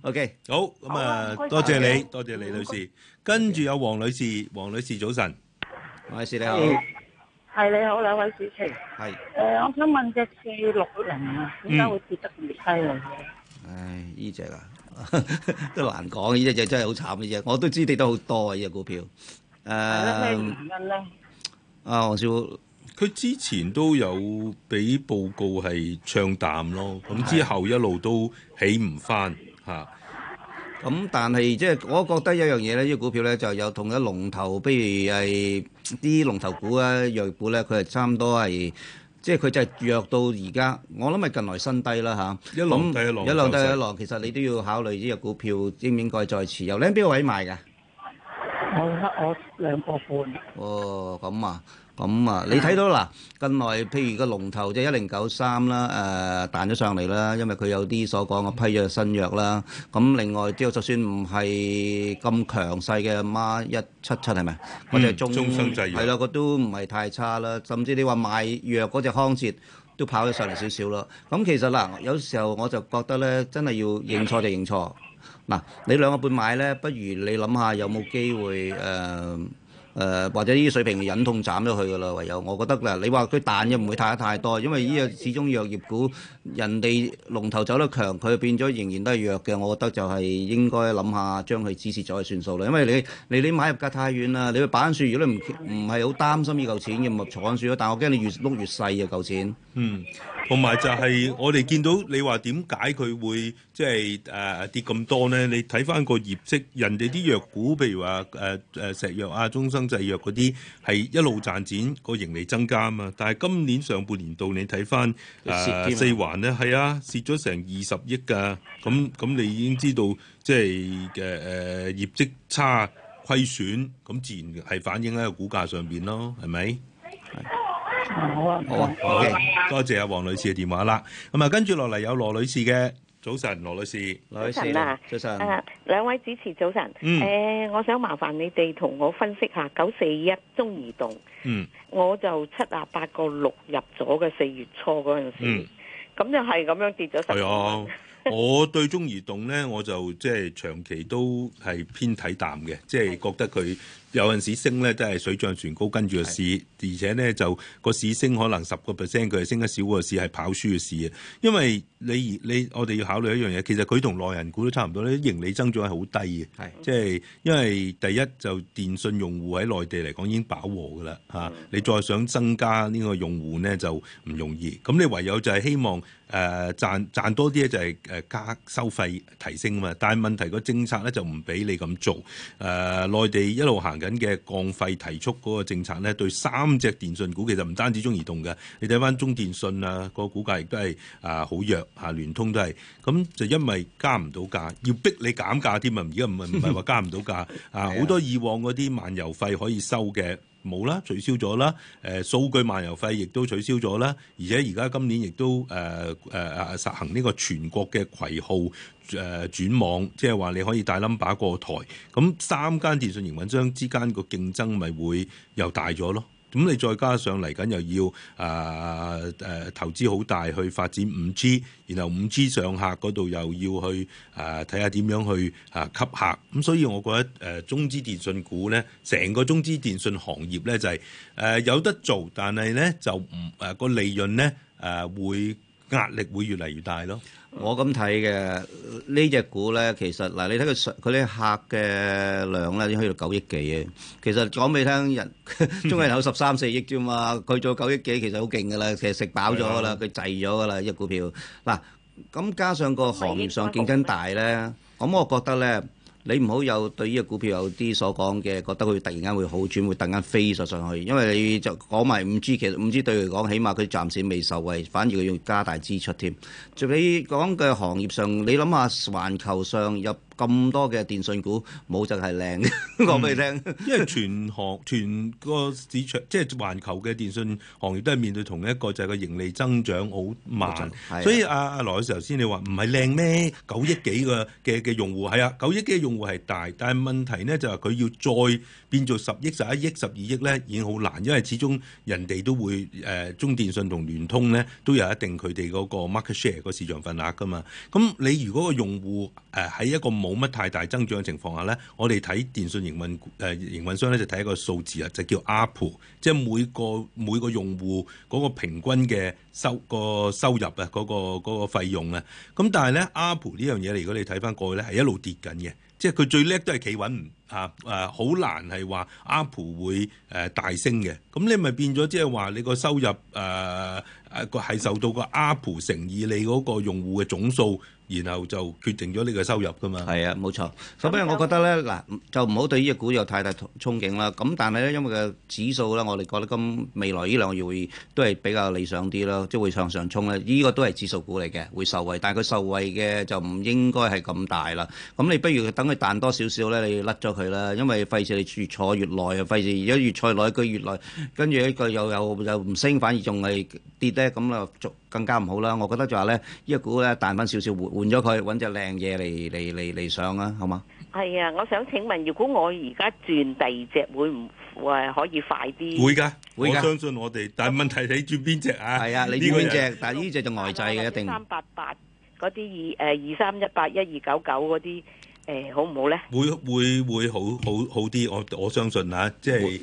OK，好，咁啊，多謝你，多謝李女士。跟住有黃女士，黃女士早晨，黃女士你好，係你好，兩位主持，係誒，我想問隻字六零啊，點解會跌得咁低啊？唉，呢隻啊！ 都難講，呢隻嘢真係好慘嘅嘢，隻我都知跌得好多啊！呢隻股票，誒、啊，咩原因咧？啊，黃少，佢之前都有俾報告係唱淡咯，咁的之後一路都起唔翻吓。咁、啊嗯、但係即係，我覺得一樣嘢咧，呢隻股票咧，就有同一龍頭，譬如係啲龍頭股啊、藥業股咧，佢係差唔多係。即係佢就弱到而家，我諗咪近來新低啦嚇。一浪低一浪，一浪低一浪，其實你都要考慮呢隻股票應唔應該再持有。你喺邊個位賣㗎？我，我兩個半。哦，咁啊！咁啊，你睇到嗱近來，譬如個龍頭就一零九三啦，誒彈咗上嚟啦，因為佢有啲所講嘅批咗新藥啦。咁另外即係就算唔係咁強勢嘅孖一七七係咪？我哋係中係咯，嗯中生製嗰個都唔係太差啦。甚至你話賣藥嗰隻康捷都跑咗上嚟少少咯。咁其實嗱、呃，有時候我就覺得咧，真係要認錯就認錯。嗱、呃，你兩個半買咧，不如你諗下有冇機會誒？呃誒、呃、或者呢啲水平忍痛斬咗佢噶啦，唯有我覺得啦，你話佢彈又唔會彈得太多，因為呢個始終藥業股人哋龍頭走得強，佢變咗仍然都係弱嘅。我覺得就係應該諗下將佢止蝕咗係算數啦，因為你你你買入價太遠啦，你要擺樹，如果你唔唔係好擔心依嚿錢嘅，咪坐樹咯。但我驚你越碌越細啊嚿錢。嗯。同埋就係我哋見到你話點解佢會即係誒跌咁多呢？你睇返個業績，人哋啲藥股，譬如話誒誒石藥啊、中生製藥嗰啲，係一路賺錢，個盈利增加啊嘛。但係今年上半年度你睇返誒四環呢，係啊，蝕咗成二十億㗎。咁咁你已經知道即係嘅誒業績差虧損，咁自然係反映喺個股價上面咯，係咪？好啊，好啊 OK 多謝阿黃女士嘅電話啦。咁啊，跟住落嚟有羅女士嘅早晨，羅女士，羅女士，早晨，兩位主持早晨。誒、嗯呃，我想麻煩你哋同我分析下九四一中移動。嗯，我就七啊八個六入咗嘅四月初嗰陣時，咁、嗯、就係咁樣跌咗十。係啊、哎，我對中移動咧，我就即係長期都係偏睇淡嘅，即係覺得佢。有陣時升咧都係水漲船高，跟住個市，是的 而且咧就個市升可能十個 percent，佢係升得少個市係跑輸嘅市啊！因為你你我哋要考慮一樣嘢，其實佢同內銀股都差唔多，啲盈利增長係好低嘅，即係是的 因為第一就電信用戶喺內地嚟講已經飽和㗎啦嚇，你再想增加呢個用戶咧就唔容易。咁你唯有就係希望誒、呃、賺賺多啲咧就係誒加收費提升啊嘛，但係問題個政策咧就唔俾你咁做誒、呃，內地一路行。緊嘅降費提速嗰個政策咧，對三隻電信股其實唔單止中移動嘅，你睇返中電信啊，個股價亦都係啊好弱吓，聯、啊、通都係，咁、啊、就因為加唔到價，要逼你減價添啊！而家唔係唔係話加唔到價 啊，好、啊、多以往嗰啲漫遊費可以收嘅。冇啦，取消咗啦。誒，數據漫遊費亦都取消咗啦。而且而家今年亦都誒誒誒實行呢個全國嘅攜號誒、呃、轉網，即係話你可以帶 number 個台。咁三間電訊營運商之間個競爭咪會又大咗咯？咁你再加上嚟緊又要啊誒、呃呃、投資好大去發展 5G，然後 5G 上客嗰度又要去誒睇下點樣去啊、呃、吸客，咁所以我覺得誒、呃、中資電信股咧中資電訊股，成個中資電信行業咧就係、是、誒、呃、有得做，但係咧就唔誒個利潤咧誒會壓力會越嚟越大咯。我咁睇嘅呢隻股咧，其實嗱，你睇佢佢啲客嘅量咧，已經去到九億幾啊。其實講俾你聽人，中間有十三四億啫嘛，佢做九億幾其實好勁噶啦，其實食飽咗噶啦，佢的滯咗噶啦一股票。嗱、啊，咁加上個行業上競爭大咧，咁我覺得咧。你唔好有對呢個股票有啲所講嘅，覺得佢突然間會好轉，會突然間飛咗上去，因為你就講埋五 G，其實五 G 對佢嚟講，起碼佢暫時未受惠，反而佢要加大支出添。就你講嘅行業上，你諗下，環球上有。咁多嘅電訊股冇就係靚講俾你聽、嗯，因為全行全個市場即係環球嘅電信行業都係面對同一個就係、是、個盈利增長好慢，錯所以阿阿羅嘅頭先你話唔係靚咩？九億幾個嘅嘅用戶係啊，九億幾嘅用戶係大，但係問題咧就係、是、佢要再變做十億十一億十二億咧已經好難，因為始終人哋都會誒、呃、中電信同聯通咧都有一定佢哋嗰個 market share 個市場份額噶嘛。咁你如果個用戶誒喺一個。冇乜太大增長嘅情況下咧，我哋睇電信營運誒、呃、營運商咧就睇一個數字啊，就叫阿蒲，即係每個每個用戶嗰個平均嘅收個收入啊，嗰個嗰個費用啊。咁但係咧，阿蒲呢樣嘢嚟，如果你睇翻過去咧，係一路跌緊嘅。即係佢最叻都係企穩啊！誒，好難係話阿蒲會誒大升嘅。咁你咪變咗即係話你個收入誒誒個係受到個阿蒲乘以你嗰個用戶嘅總數。然後就決定咗呢個收入㗎嘛，係啊，冇錯。所以、嗯、我覺得咧，嗱、嗯，就唔好對呢隻股有太大憧憬啦。咁但係咧，因為個指數咧，我哋覺得咁未來呢兩個月會都係比較理想啲咯，即、就、係、是、會向上衝咧。呢、這個都係指數股嚟嘅，會受惠，但係佢受惠嘅就唔應該係咁大啦。咁你不如等佢彈多少少咧，你甩咗佢啦，因為費事你越坐越耐啊，費事而家越坐耐，佢越耐，跟住一個又又又唔升，反而仲係跌咧，咁啊～更加唔好啦，我覺得就話咧，依個股咧彈翻少少，換換咗佢，揾隻靚嘢嚟嚟嚟嚟上啊，好嗎？係啊，我想請問，如果我而家轉第二隻，會唔會誒、啊、可以快啲？會噶，會噶，我相信我哋。但係問題你轉邊隻啊？係、嗯、啊，你轉邊隻？但係呢隻就外債嘅一定。三八八嗰啲二誒二三一八一二九九嗰啲。誒，好唔好咧？會會會好好好啲，我我相信吓，即係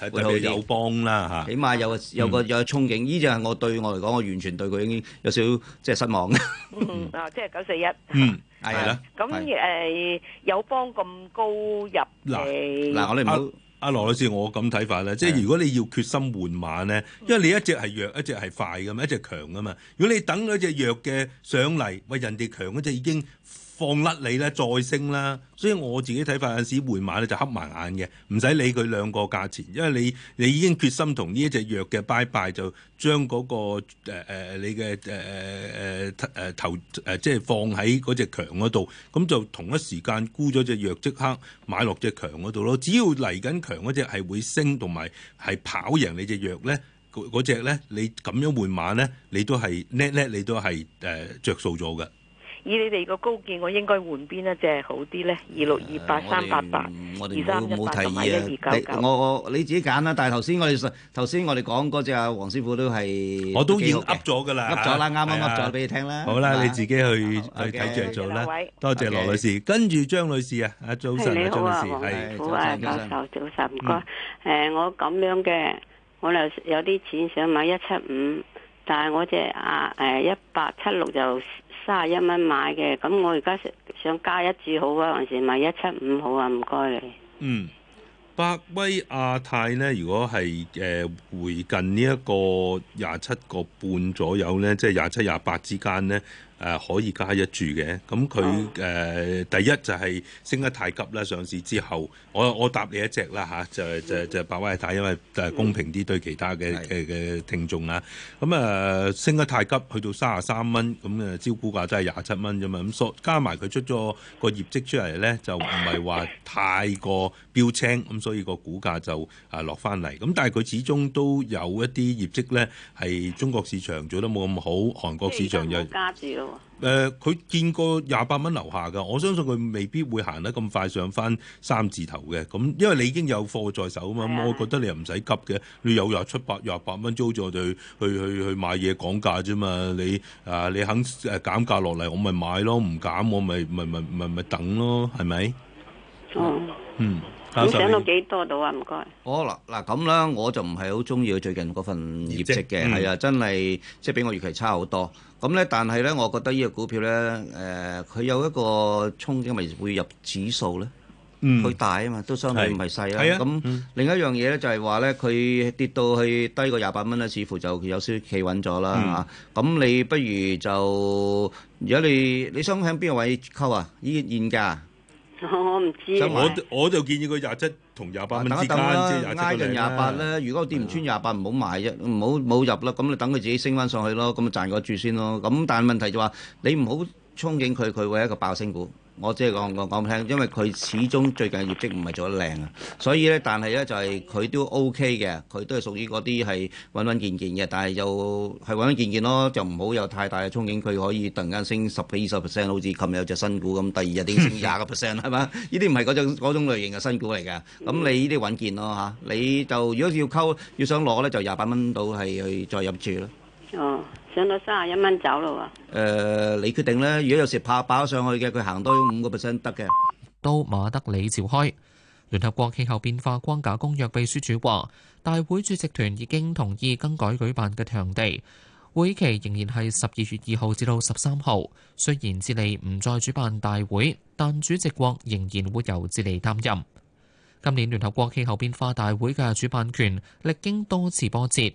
特別友邦啦吓，起碼有有個有憧憬。呢只係我對我嚟講，我完全對佢已經有少少即係失望嘅。嗯啊，即係九四一。嗯，係啦。咁誒，友邦咁高入嚟。嗱，我哋唔好阿羅老師，我咁睇法咧，即係如果你要決心緩慢咧，因為你一隻係弱，一隻係快噶嘛，一隻強噶嘛。如果你等嗰隻弱嘅上嚟，喂人哋強嗰隻已經。放甩你咧，再升啦！所以我自己睇法，有時換馬咧就黑埋眼嘅，唔使理佢兩個價錢，因為你你已經決心同呢一隻弱嘅拜拜，就將嗰、嗰個誒、呃、你嘅誒誒誒誒誒頭即係放喺嗰隻強嗰度，咁就同一時間沽咗隻弱即刻買落隻強嗰度咯。只要嚟緊強嗰隻係會升，同埋係跑贏你隻弱咧嗰隻咧，你咁樣換馬咧，你都係叻叻，你都係誒着數咗嘅。以你哋個高見，我應該換邊一隻好啲咧？二六二八三八八二三一八就買一二九九。我我你自己揀啦。但係頭先我哋頭先我哋講嗰隻黃師傅都係我都已經噏咗噶啦，噏咗啦，啱啱噏咗俾你聽啦。好啦，你自己去去睇住做啦。多謝羅女士，跟住張女士啊，早晨啊，張女士，係早晨。教授早晨，唔該。誒，我咁樣嘅，我有有啲錢想買一七五，但係我隻啊誒一八七六就三十一蚊買嘅，咁我而家想加一注好啊，還是買一七五好啊？唔該你。嗯，百威亞太呢，如果係誒、呃、回近，呢一個廿七個半左右呢，即係廿七廿八之間呢。誒可以加一注嘅，咁佢誒第一就係升得太急啦！上市之後，我我答你一隻啦吓，就就就百威亞太，因為誒公平啲對其他嘅嘅嘅聽眾啊，咁啊升得太急去到三啊三蚊，咁、嗯、誒招股價都係廿七蚊啫嘛，咁所加埋佢出咗個業績出嚟咧，就唔係話太過標青，咁 所以個股價就啊落翻嚟。咁但係佢始終都有一啲業績咧，係中國市場做得冇咁好，韓國市場又誒，佢、呃、見過廿八蚊樓下㗎，我相信佢未必會行得咁快上翻三字頭嘅。咁因為你已經有貨在手啊嘛、嗯，我覺得你又唔使急嘅。你有廿七、八、廿八蚊租咗，就去去去，去買嘢講價啫嘛。你啊、呃，你肯誒減價落嚟，我咪買咯；唔減我，我咪咪咪咪咪等咯，係咪？哦，嗯。嗯你上到幾多到啊？唔該。哦，嗱嗱咁啦，我就唔係好中意佢最近嗰份業績嘅，係啊，真係即係比我預期差好多。咁咧，但係咧，我覺得依個股票咧，誒，佢有一個衝擊，咪會入指數咧，佢大啊嘛，都相對唔係細啦。咁另一樣嘢咧，就係話咧，佢跌到去低過廿八蚊咧，似乎就有少少企穩咗啦嚇。咁你不如就如果你你想喺邊個位溝啊？依現價。我唔知，我嗎我就建議佢廿七同廿八蚊之間啦，挨近廿八啦。多多如果跌唔穿廿八，唔好的買啫，唔好冇入啦。咁你等佢自己升翻上去咯，咁就賺個注先咯。咁但係問題就話、是，你唔好憧憬佢，佢會係一個爆升股。我即係講講講唔聽，因為佢始終最近業績唔係做得靚啊，所以咧，但係咧就係、是、佢都 OK 嘅，佢都係屬於嗰啲係穩穩健健嘅，但係又係穩穩健健咯，就唔好有太大嘅憧憬，佢可以突然間升十幾二十 percent，好似琴日有隻新股咁，第二日啲升廿個 percent 係嘛？呢啲唔係嗰種嗰種類型嘅新股嚟嘅，咁你呢啲穩健咯嚇，你就如果要溝，要想攞咧，就廿八蚊到係去再入住咯。哦。上到三十一蚊走咯喎！誒，你決定咧。如果有時怕爆上去嘅，佢行多五個 percent 得嘅。到馬德里召開聯合國氣候變化框架公約秘書處話，大會主席團已經同意更改舉辦嘅場地。會期仍然係十二月二號至到十三號。雖然智利唔再主辦大會，但主席國仍然會由智利擔任。今年聯合國氣候變化大會嘅主辦權歷經多次波折。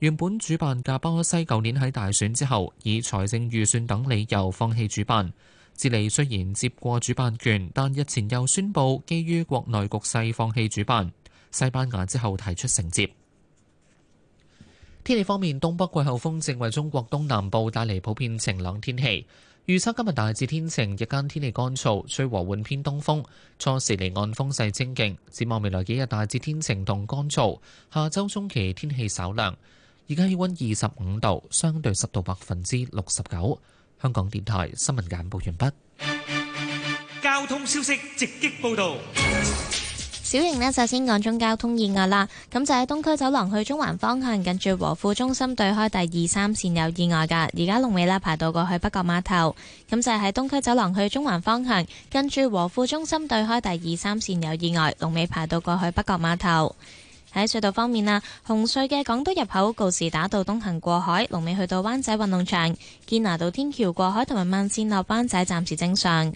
原本主辦嘅巴西，舊年喺大選之後，以財政預算等理由放棄主辦。智利雖然接過主辦權，但日前又宣布基於國內局勢放棄主辦。西班牙之後提出承接。天氣方面，東北季候風正為中國東南部帶嚟普遍晴朗天氣。預測今日大致天晴，日間天氣乾燥，吹和緩偏東風，初時離岸風勢清勁。展望未來幾日大致天晴同乾燥，下周中期天氣稍涼。而家氣溫二十五度，相對濕度百分之六十九。香港電台新聞簡報完畢。交通消息直擊報道。小型呢首先講中交通意外啦。咁就喺東區走廊去中環方向，近住和富中心對開第二三綫有意外噶。而家龍尾呢排到過去北角碼頭。咁就係喺東區走廊去中環方向，近住和富中心對開第二三綫有意外，龍尾排到過去北角碼頭。喺隧道方面啊，紅隧嘅港島入口告士打道東行過海，龍尾去到灣仔運動場；堅拿道天橋過海同埋慢線落灣仔，暫時正常。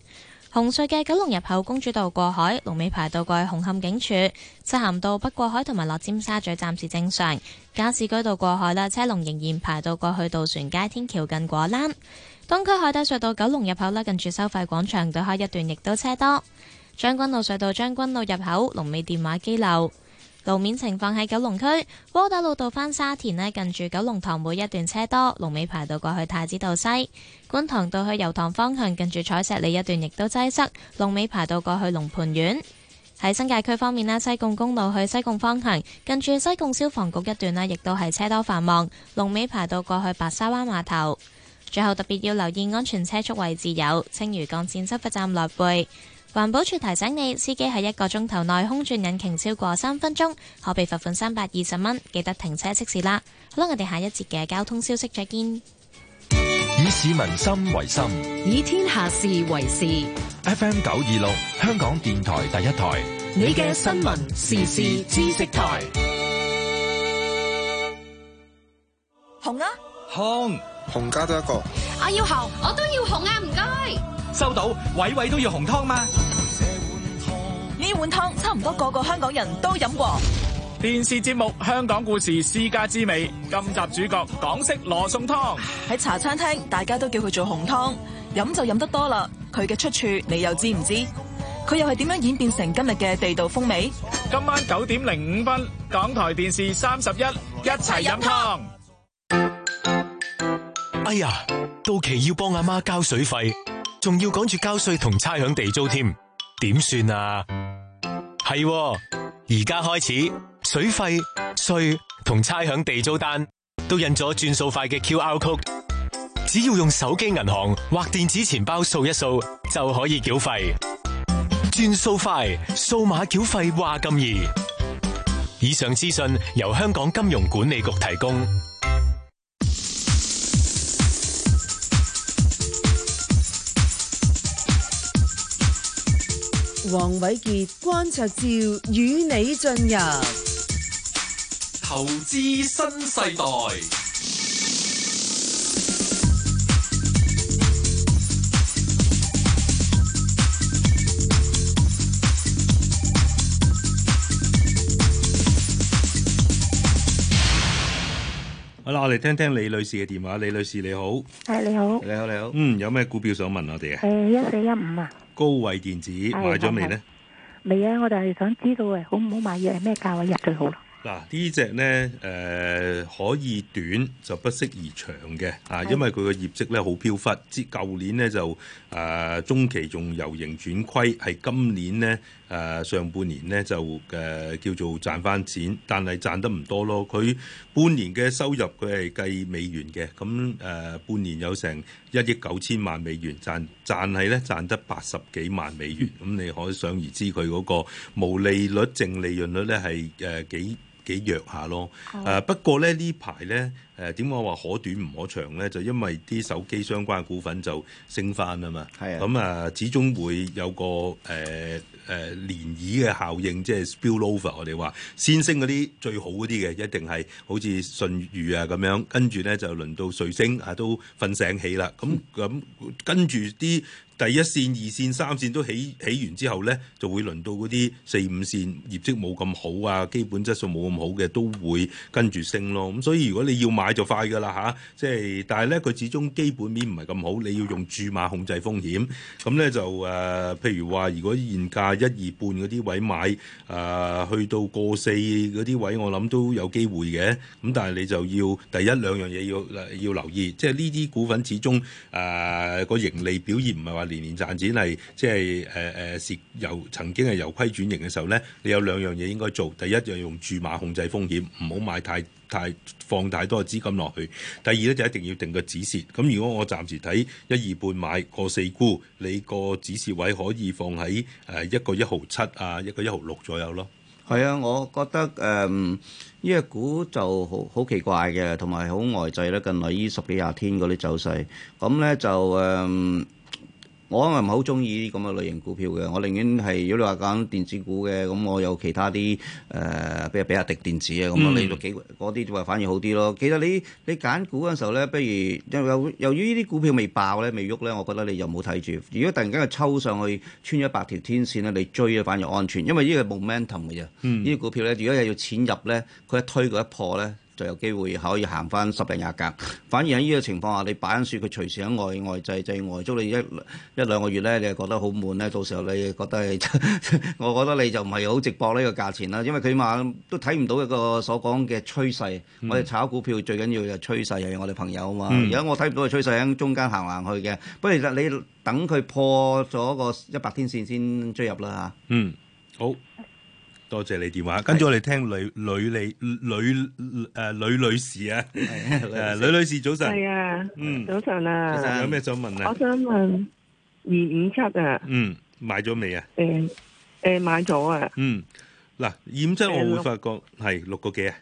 紅隧嘅九龍入口公主道過海，龍尾排到過去紅磡警署；漆咸道北過海同埋落尖沙咀，暫時正常。加士居道過海啦，車龍仍然排到過去渡船街天橋近果欄。東區海底隧道九龍入口啦，近住收費廣場對開一段，亦都車多。將軍澳隧道將軍澳入口龍尾電話機樓。路面情況，喺九龍區窩打老道翻沙田咧，近住九龍塘每一段車多，龍尾排到過去太子道西；觀塘道去油塘方向，近住彩石里一段亦都擠塞，龍尾排到過去龍盤苑。喺新界區方面啦，西貢公路去西貢方向，近住西貢消防局一段啦，亦都係車多繁忙，龍尾排到過去白沙灣碼頭。最後特別要留意安全車速位置，有青魚港線執法站落背。環保署提醒你，司機喺一個鐘頭內空轉引擎超過三分鐘，可被罰款三百二十蚊。記得停車熄匙啦！好啦，我哋下一節嘅交通消息再見。以市民心為心，嗯、以天下事為事。FM 九二六，26, 香港電台第一台，你嘅新聞時事知識台。紅啊！紅，紅加多一個。我要紅，我都要紅啊！唔該。收到，位位都要紅湯嗎？呢碗湯差唔多個個香港人都飲過。電視節目《香港故事私家之味》，今集主角港式羅宋湯。喺茶餐廳，大家都叫佢做紅湯，飲就飲得多啦。佢嘅出處你又知唔知？佢又係點樣演變成今日嘅地道風味？今晚九點零五分，港台電視三十一，一齊飲湯。哎呀，到期要幫阿媽交水費。仲要趕住交稅同差餉地租添，點算啊？係，而家開始水費、稅同差餉地租單都印咗轉數快嘅 QR Code，只要用手機銀行或電子錢包掃一掃就可以繳費。轉數快，數碼繳費話咁易。以上資訊由香港金融管理局提供。黃瑋傑、關焯照與你進入投資新世代。好啦，我哋聽聽李女士嘅電話。李女士，你好。係你，你好。你好，你好。嗯，有咩股票想問我哋嘅？誒，一四一五啊。高位電子的買咗未呢？未啊，我就係想知道誒，好唔好買嘢？係咩價位入最好咯？嗱，呢隻呢，誒、呃，可以短就不適宜長嘅啊，因為佢個業績咧好飄忽，之舊年呢，就。誒、呃、中期仲由盈轉虧，係今年呢誒、呃、上半年呢就誒、呃、叫做賺翻錢，但係賺得唔多咯。佢半年嘅收入佢係計美元嘅，咁誒、呃、半年有成一億九千萬美元賺，賺係咧賺得八十幾萬美元，咁你可想而知佢嗰個毛利率、淨利潤率咧係誒幾？幾弱下咯，誒、oh. 啊、不過咧呢排咧誒點解話可短唔可長咧，就因為啲手機相關嘅股份就升翻啊嘛，咁的啊始終會有個誒誒、呃呃、漣漪嘅效應，即係 spill over 我哋話先升嗰啲最好嗰啲嘅一定係好似舜宇啊咁樣，跟住咧就輪到瑞聲啊都瞓醒起啦，咁、啊、咁、嗯嗯、跟住啲。第一線、二線、三線都起起完之後咧，就會輪到嗰啲四五線業績冇咁好啊，基本質素冇咁好嘅都會跟住升咯。咁所以如果你要買就快㗎啦吓，即、啊、係、就是、但係咧佢始終基本面唔係咁好，你要用注碼控制風險。咁咧就誒、呃，譬如話如果現價一二半嗰啲位買，誒、呃、去到過四嗰啲位，我諗都有機會嘅。咁但係你就要第一兩樣嘢要、呃、要留意，即係呢啲股份始終誒個、呃、盈利表現唔係話年年賺錢係即係誒誒，由、呃、曾經係由規轉型嘅時候咧，你有兩樣嘢應該做。第一樣用注碼控制風險，唔好買太太放太多嘅資金落去。第二咧就是、一定要定個止蝕。咁如果我暫時睇一二半買個四股，你個止蝕位可以放喺誒一個一毫七啊，一個一毫六左右咯。係啊，我覺得誒呢隻股就好好奇怪嘅，同埋好呆滯啦。近來呢十幾廿天嗰啲走勢，咁咧就誒。嗯我唔係好中意啲咁嘅類型股票嘅，我寧願係如果你話揀電子股嘅，咁我有其他啲誒，比、呃、如比亞迪電子啊，咁我你幾嗰啲就反而好啲咯。其實你你揀股嗰時候咧，不如因為由，由於呢啲股票未爆咧，未喐咧，我覺得你又冇睇住。如果突然間佢抽上去穿咗百條天線咧，你追咧反而安全，因為呢個 momentum 嘅啫。呢啲、嗯、股票咧，如果又要淺入咧，佢一推佢一破咧。就有機會可以行翻十零廿格，反而喺呢個情況下，你擺緊説佢隨時喺外外滯滯外租你一一兩個月咧，你係覺得好悶咧。到時候你覺得， 我覺得你就唔係好直播呢個價錢啦。因為佢嘛都睇唔到一個所講嘅趨勢。嗯、我哋炒股票最緊要嘅趨勢，就係我哋朋友啊嘛。如果、嗯、我睇唔到嘅趨勢喺中間行行去嘅。不過其實你等佢破咗個一百天線先追入啦嚇。嗯，好。多謝你電話，跟住我哋聽女女李女誒女女士啊，誒女女士早晨。係啊，早晨啊，有咩想問啊？我想問二五七啊，嗯，買咗未啊？誒誒，買咗啊，嗯，嗱，二五七我會發覺，係六個幾啊？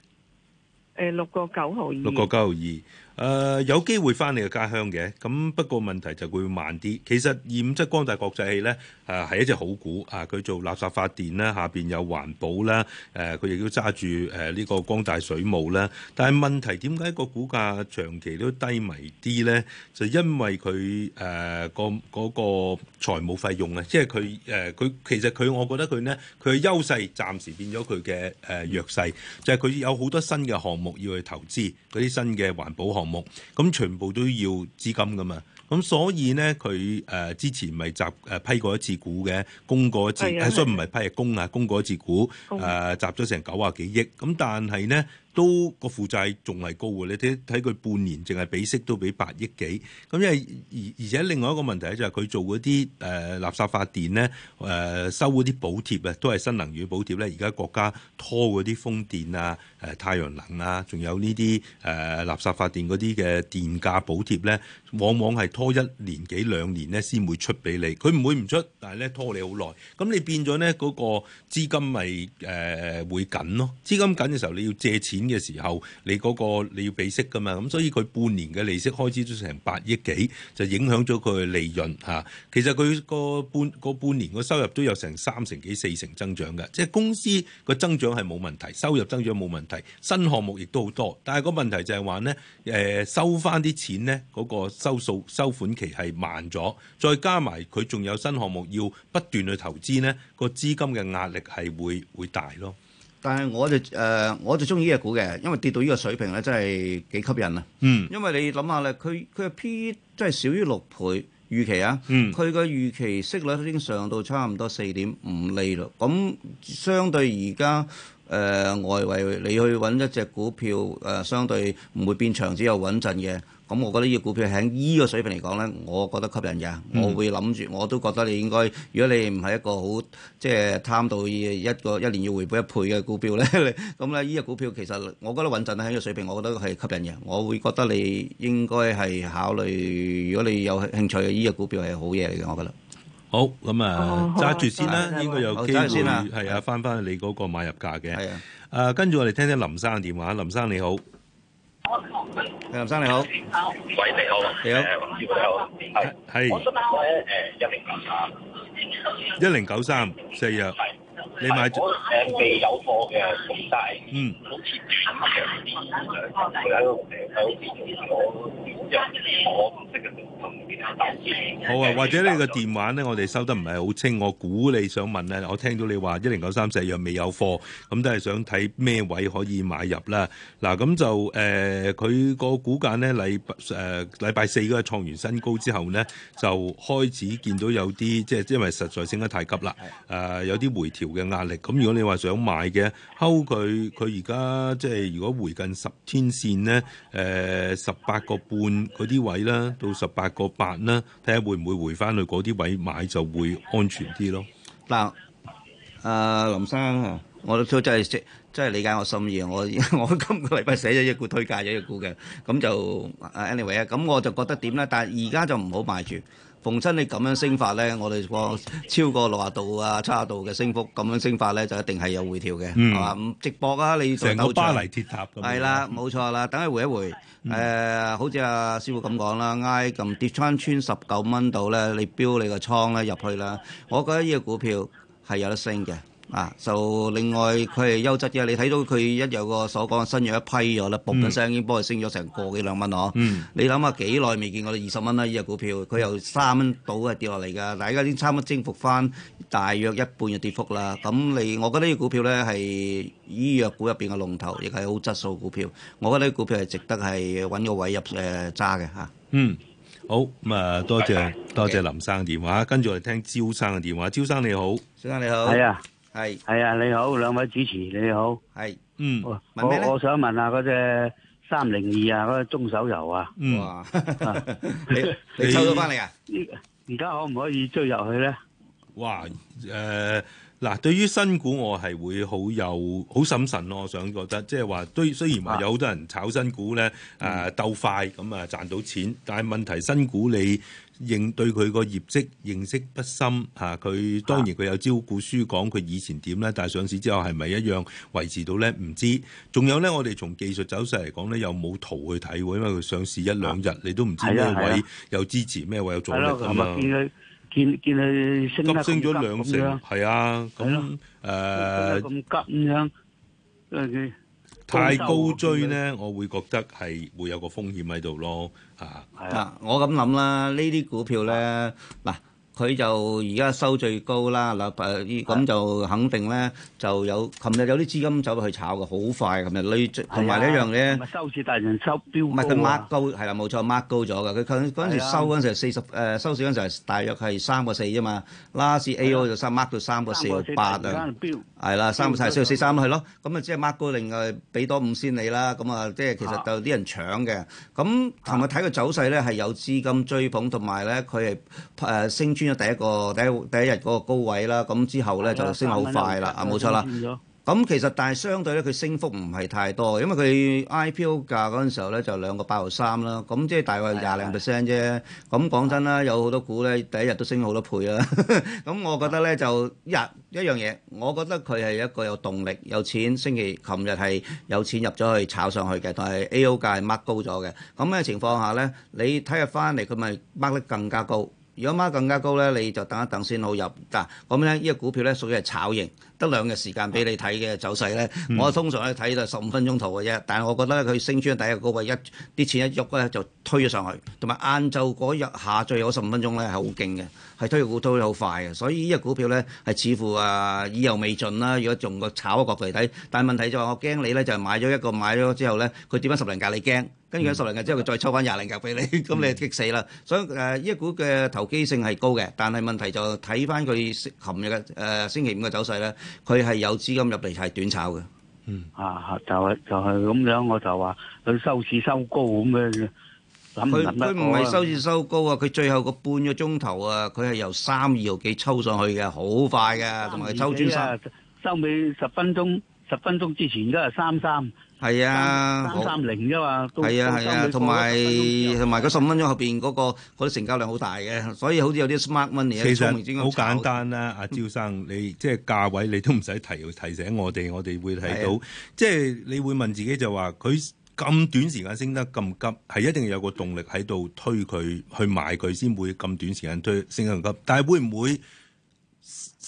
誒，六個九毫二，六個九毫二。誒、呃、有機會翻你嘅家鄉嘅，咁不過問題就會慢啲。其實二五七光大國際戲咧，誒、呃、係一隻好股啊！佢、呃、做垃圾發電啦，下邊有環保啦，誒佢亦都揸住誒呢個光大水務啦。但係問題點解個股價長期都低迷啲咧？就因為佢誒、呃那個嗰個。財務費用咧，即係佢誒佢其實佢，我覺得佢咧，佢嘅優勢暫時變咗佢嘅誒弱勢，就係、是、佢有好多新嘅項目要去投資嗰啲新嘅環保項目，咁全部都要資金噶嘛，咁所以咧佢誒之前咪集誒、呃、批過一次股嘅，供過一次，雖然唔係批，係供啊，供過一次股誒的、呃、集咗成九十幾億，咁但係咧。都個負債仲係高嘅，你睇睇佢半年淨係俾息都俾八億幾，咁因為而而且另外一個問題就係佢做嗰啲誒垃圾發電咧，誒、呃、收嗰啲補貼啊，都係新能源補貼咧，而家國家拖嗰啲風電啊。誒太陽能啊，仲有呢啲誒垃圾發電嗰啲嘅電價補貼咧，往往係拖一年幾兩年咧先會出俾你。佢唔會唔出，但係咧拖你好耐。咁你變咗咧嗰個資金咪、就、誒、是呃、會緊咯。資金緊嘅時候，你要借錢嘅時候，你嗰、嗰個你要俾息噶嘛。咁所以佢半年嘅利息開支都成八億幾，就影響咗佢嘅利潤嚇、啊。其實佢個半個半年個收入都有成三成幾四成增長嘅，即係公司個增長係冇問題，收入增長冇問題。新項目亦都好多，但係個問題就係話咧，誒、呃、收翻啲錢咧，嗰、嗰個收數收款期係慢咗，再加埋佢仲有新項目要不斷去投資咧，個資金嘅壓力係會會大咯。但係我就誒、呃、我就中意呢隻股嘅，因為跌到呢個水平咧，真係幾吸引啊！嗯，因為你諗下咧，佢佢嘅 P 即係少於六倍預期啊。嗯，佢嘅預期息率已經上到差唔多四點五厘咯，咁相對而家。誒、呃、外圍，你去揾一隻股票誒、呃，相對唔會變長，只有穩陣嘅。咁我覺得呢隻股票喺依個水平嚟講咧，我覺得吸引嘅。嗯、我會諗住，我都覺得你應該，如果你唔係一個好即係貪到一個一年要回報一倍嘅股票咧，咁咧依隻股票其實我覺得穩陣咧喺呢個水平，我覺得係吸引嘅。我會覺得你應該係考慮，如果你有興趣嘅依隻股票係好嘢嚟嘅，我覺得。好，咁啊揸住先啦，應該有機會係啊翻翻你嗰個買入價嘅。誒，跟住我哋聽聽林生嘅電話，林生你好，林生你好，喂，你好，你好，葉哥你好，係，我想打開誒一零九三，一零九三四日。你買誒未有貨嘅，咁但係，嗯，好啊，或者你個電話咧，我哋收得唔係好清。我估你想問咧，我聽到你話一零九三四樣未有貨，咁都係想睇咩位可以買入啦。嗱，咁就誒，佢個股價咧禮誒、呃、禮拜四嗰個創完新高之後呢，就開始見到有啲即係因為實在升得太急啦，誒、呃、有啲回調，嘅壓力，咁如果你話想買嘅，睺佢，佢而家即係如果回近十天線咧，誒十八個半嗰啲位啦，到十八個八啦，睇下會唔會回翻去嗰啲位買就會安全啲咯。嗱、呃，阿林生，我都真係真真係理解我心意，我我今個禮拜寫咗一股推介，咗一股嘅，咁就啊 anyway 啊，咁我就覺得點啦，但係而家就唔好買住。逢親你咁樣升法呢，我哋講超過六啊度啊七啊度嘅升幅，咁樣升法呢，就一定係有回調嘅，嗯，係嘛？直播啊，你成嚿巴黎鐵塔咁。係啦，冇錯啦，等佢回一回。嗯、呃、好似阿師傅咁講啦，挨咁跌穿穿十九蚊度咧，你標你個倉咧入去啦。我覺得依個股票係有得升嘅。啊！就另外佢係優質嘅，你睇到佢一有個所講嘅新藥一批咗啦，搏緊聲已經幫佢升咗成個幾兩蚊哦。嗯、你諗下幾耐未見過你二十蚊啦，呢隻股票佢由三蚊到係跌落嚟㗎，大家已經差唔多征服翻大約一半嘅跌幅啦。咁你我覺得呢啲股票咧係醫藥股入邊嘅龍頭，亦係好質素股票。我覺得啲股票係值得係揾個位入誒揸嘅嚇。嗯，嗯好咁啊！嗯、多謝多謝林生電話，跟住我哋聽招生嘅電話。招生你好，先生你好，係啊。係係啊，你好，兩位主持，你好，係，嗯，我我，我想問下嗰隻三零二啊，嗰、那、隻、個、中手遊啊、嗯，哇， 你 你，你抽到翻嚟啊？而家可唔可以追入去咧？哇，誒，嗱，對於新股我係會好有好審慎咯，我想覺得即係話，雖雖然話有好多人炒新股咧，誒、啊，鬥、呃、快咁啊賺到錢，但係問題新股你。認對佢個業績認識不深嚇，佢、啊、當然佢有招股書講佢以前點咧，但係上市之後係咪一樣維持到咧？唔知。仲有咧，我哋從技術走勢嚟講咧，又冇圖去睇，因為佢上市一兩日，啊、你都唔知咩位有支持，咩位有阻力咁啊！見佢見見佢升得咁急咁樣，係啊的，咁誒咁急咁樣，太高追咧，的我會覺得係會有個風險喺度咯。啊，嗱，我咁諗啦，呢啲股票咧，嗱、啊。佢就而家收最高啦，嗱誒，咁就肯定咧，就有琴日有啲資金走去炒嘅，好快。琴日裏同埋一樣嘅，收市大成收標。唔係佢 mark 高係啦，冇錯 mark 高咗嘅。佢嗰陣時收嗰陣時係四十誒，收市嗰陣時係大約係三個四啫嘛。last A O 就三 mark 到三個四八啊，係啦，三個四四三係咯。咁啊，即係 mark 高另外俾多五仙你啦。咁啊，即係其實有啲人搶嘅。咁琴日睇個走勢咧係有資金追捧，同埋咧佢係誒升。穿咗第一個第一第一日嗰個高位啦，咁之後咧就升得好快啦，啊冇錯啦。咁其實但係相對咧，佢升幅唔係太多，因為佢 IPO 價嗰陣時候咧就兩個八毫三啦，咁即係大概廿零 percent 啫。咁講真啦，有好多股咧第一日都升好多倍啦。咁我覺得咧就一日一樣嘢，我覺得佢係一個有動力有錢星期琴日係有錢入咗去炒上去嘅，但係 A.O. 價係掹高咗嘅。咁嘅情況下咧，你聽日翻嚟佢咪掹得更加高？如果孖更加高咧，你就等一等先好入。嗱，咁咧呢個股票咧屬於係炒型，得兩日時間俾你睇嘅走勢咧。嗯、我通常去睇就十五分鐘圖嘅啫。但係我覺得佢升穿第一個高位一啲錢一喐嘅就推咗上去，同埋晏晝嗰日下最後十五分鐘咧係好勁嘅，係推股推得好快嘅。所以呢個股票咧係似乎啊意猶未盡啦。如果仲個炒一個嚟睇，但係問題就係我驚你咧就係、是、買咗一個買咗之後咧，佢跌翻十零格你驚。跟住佢十零日之後，佢再抽翻廿零日俾你，咁、嗯、你就激死啦！所以誒，一、呃、股嘅投機性係高嘅，但係問題就睇翻佢琴日嘅誒星期五嘅走勢咧，佢係有資金入嚟係短炒嘅。嗯啊，就係、是、就係、是、咁樣，我就話佢收市收高咁樣，嘅。諗唔佢佢唔係收市收高啊！佢我最後個半個鐘頭啊，佢係由三二號幾抽上去嘅，好快嘅，同埋抽穿、啊、收尾十分鐘，十分鐘之前都係三三。係啊，三三零啫嘛，都係啊，係啊，同埋同埋嗰十五分鐘後邊嗰個嗰啲成交量好大嘅，所以好似有啲 smart money。其實好簡單啦，阿招生，你即係價位你都唔使提提醒我哋，我哋會睇到，即係你會問自己就話佢咁短時間升得咁急，係一定有個動力喺度推佢去買佢先會咁短時間推升得咁急，但係會唔會？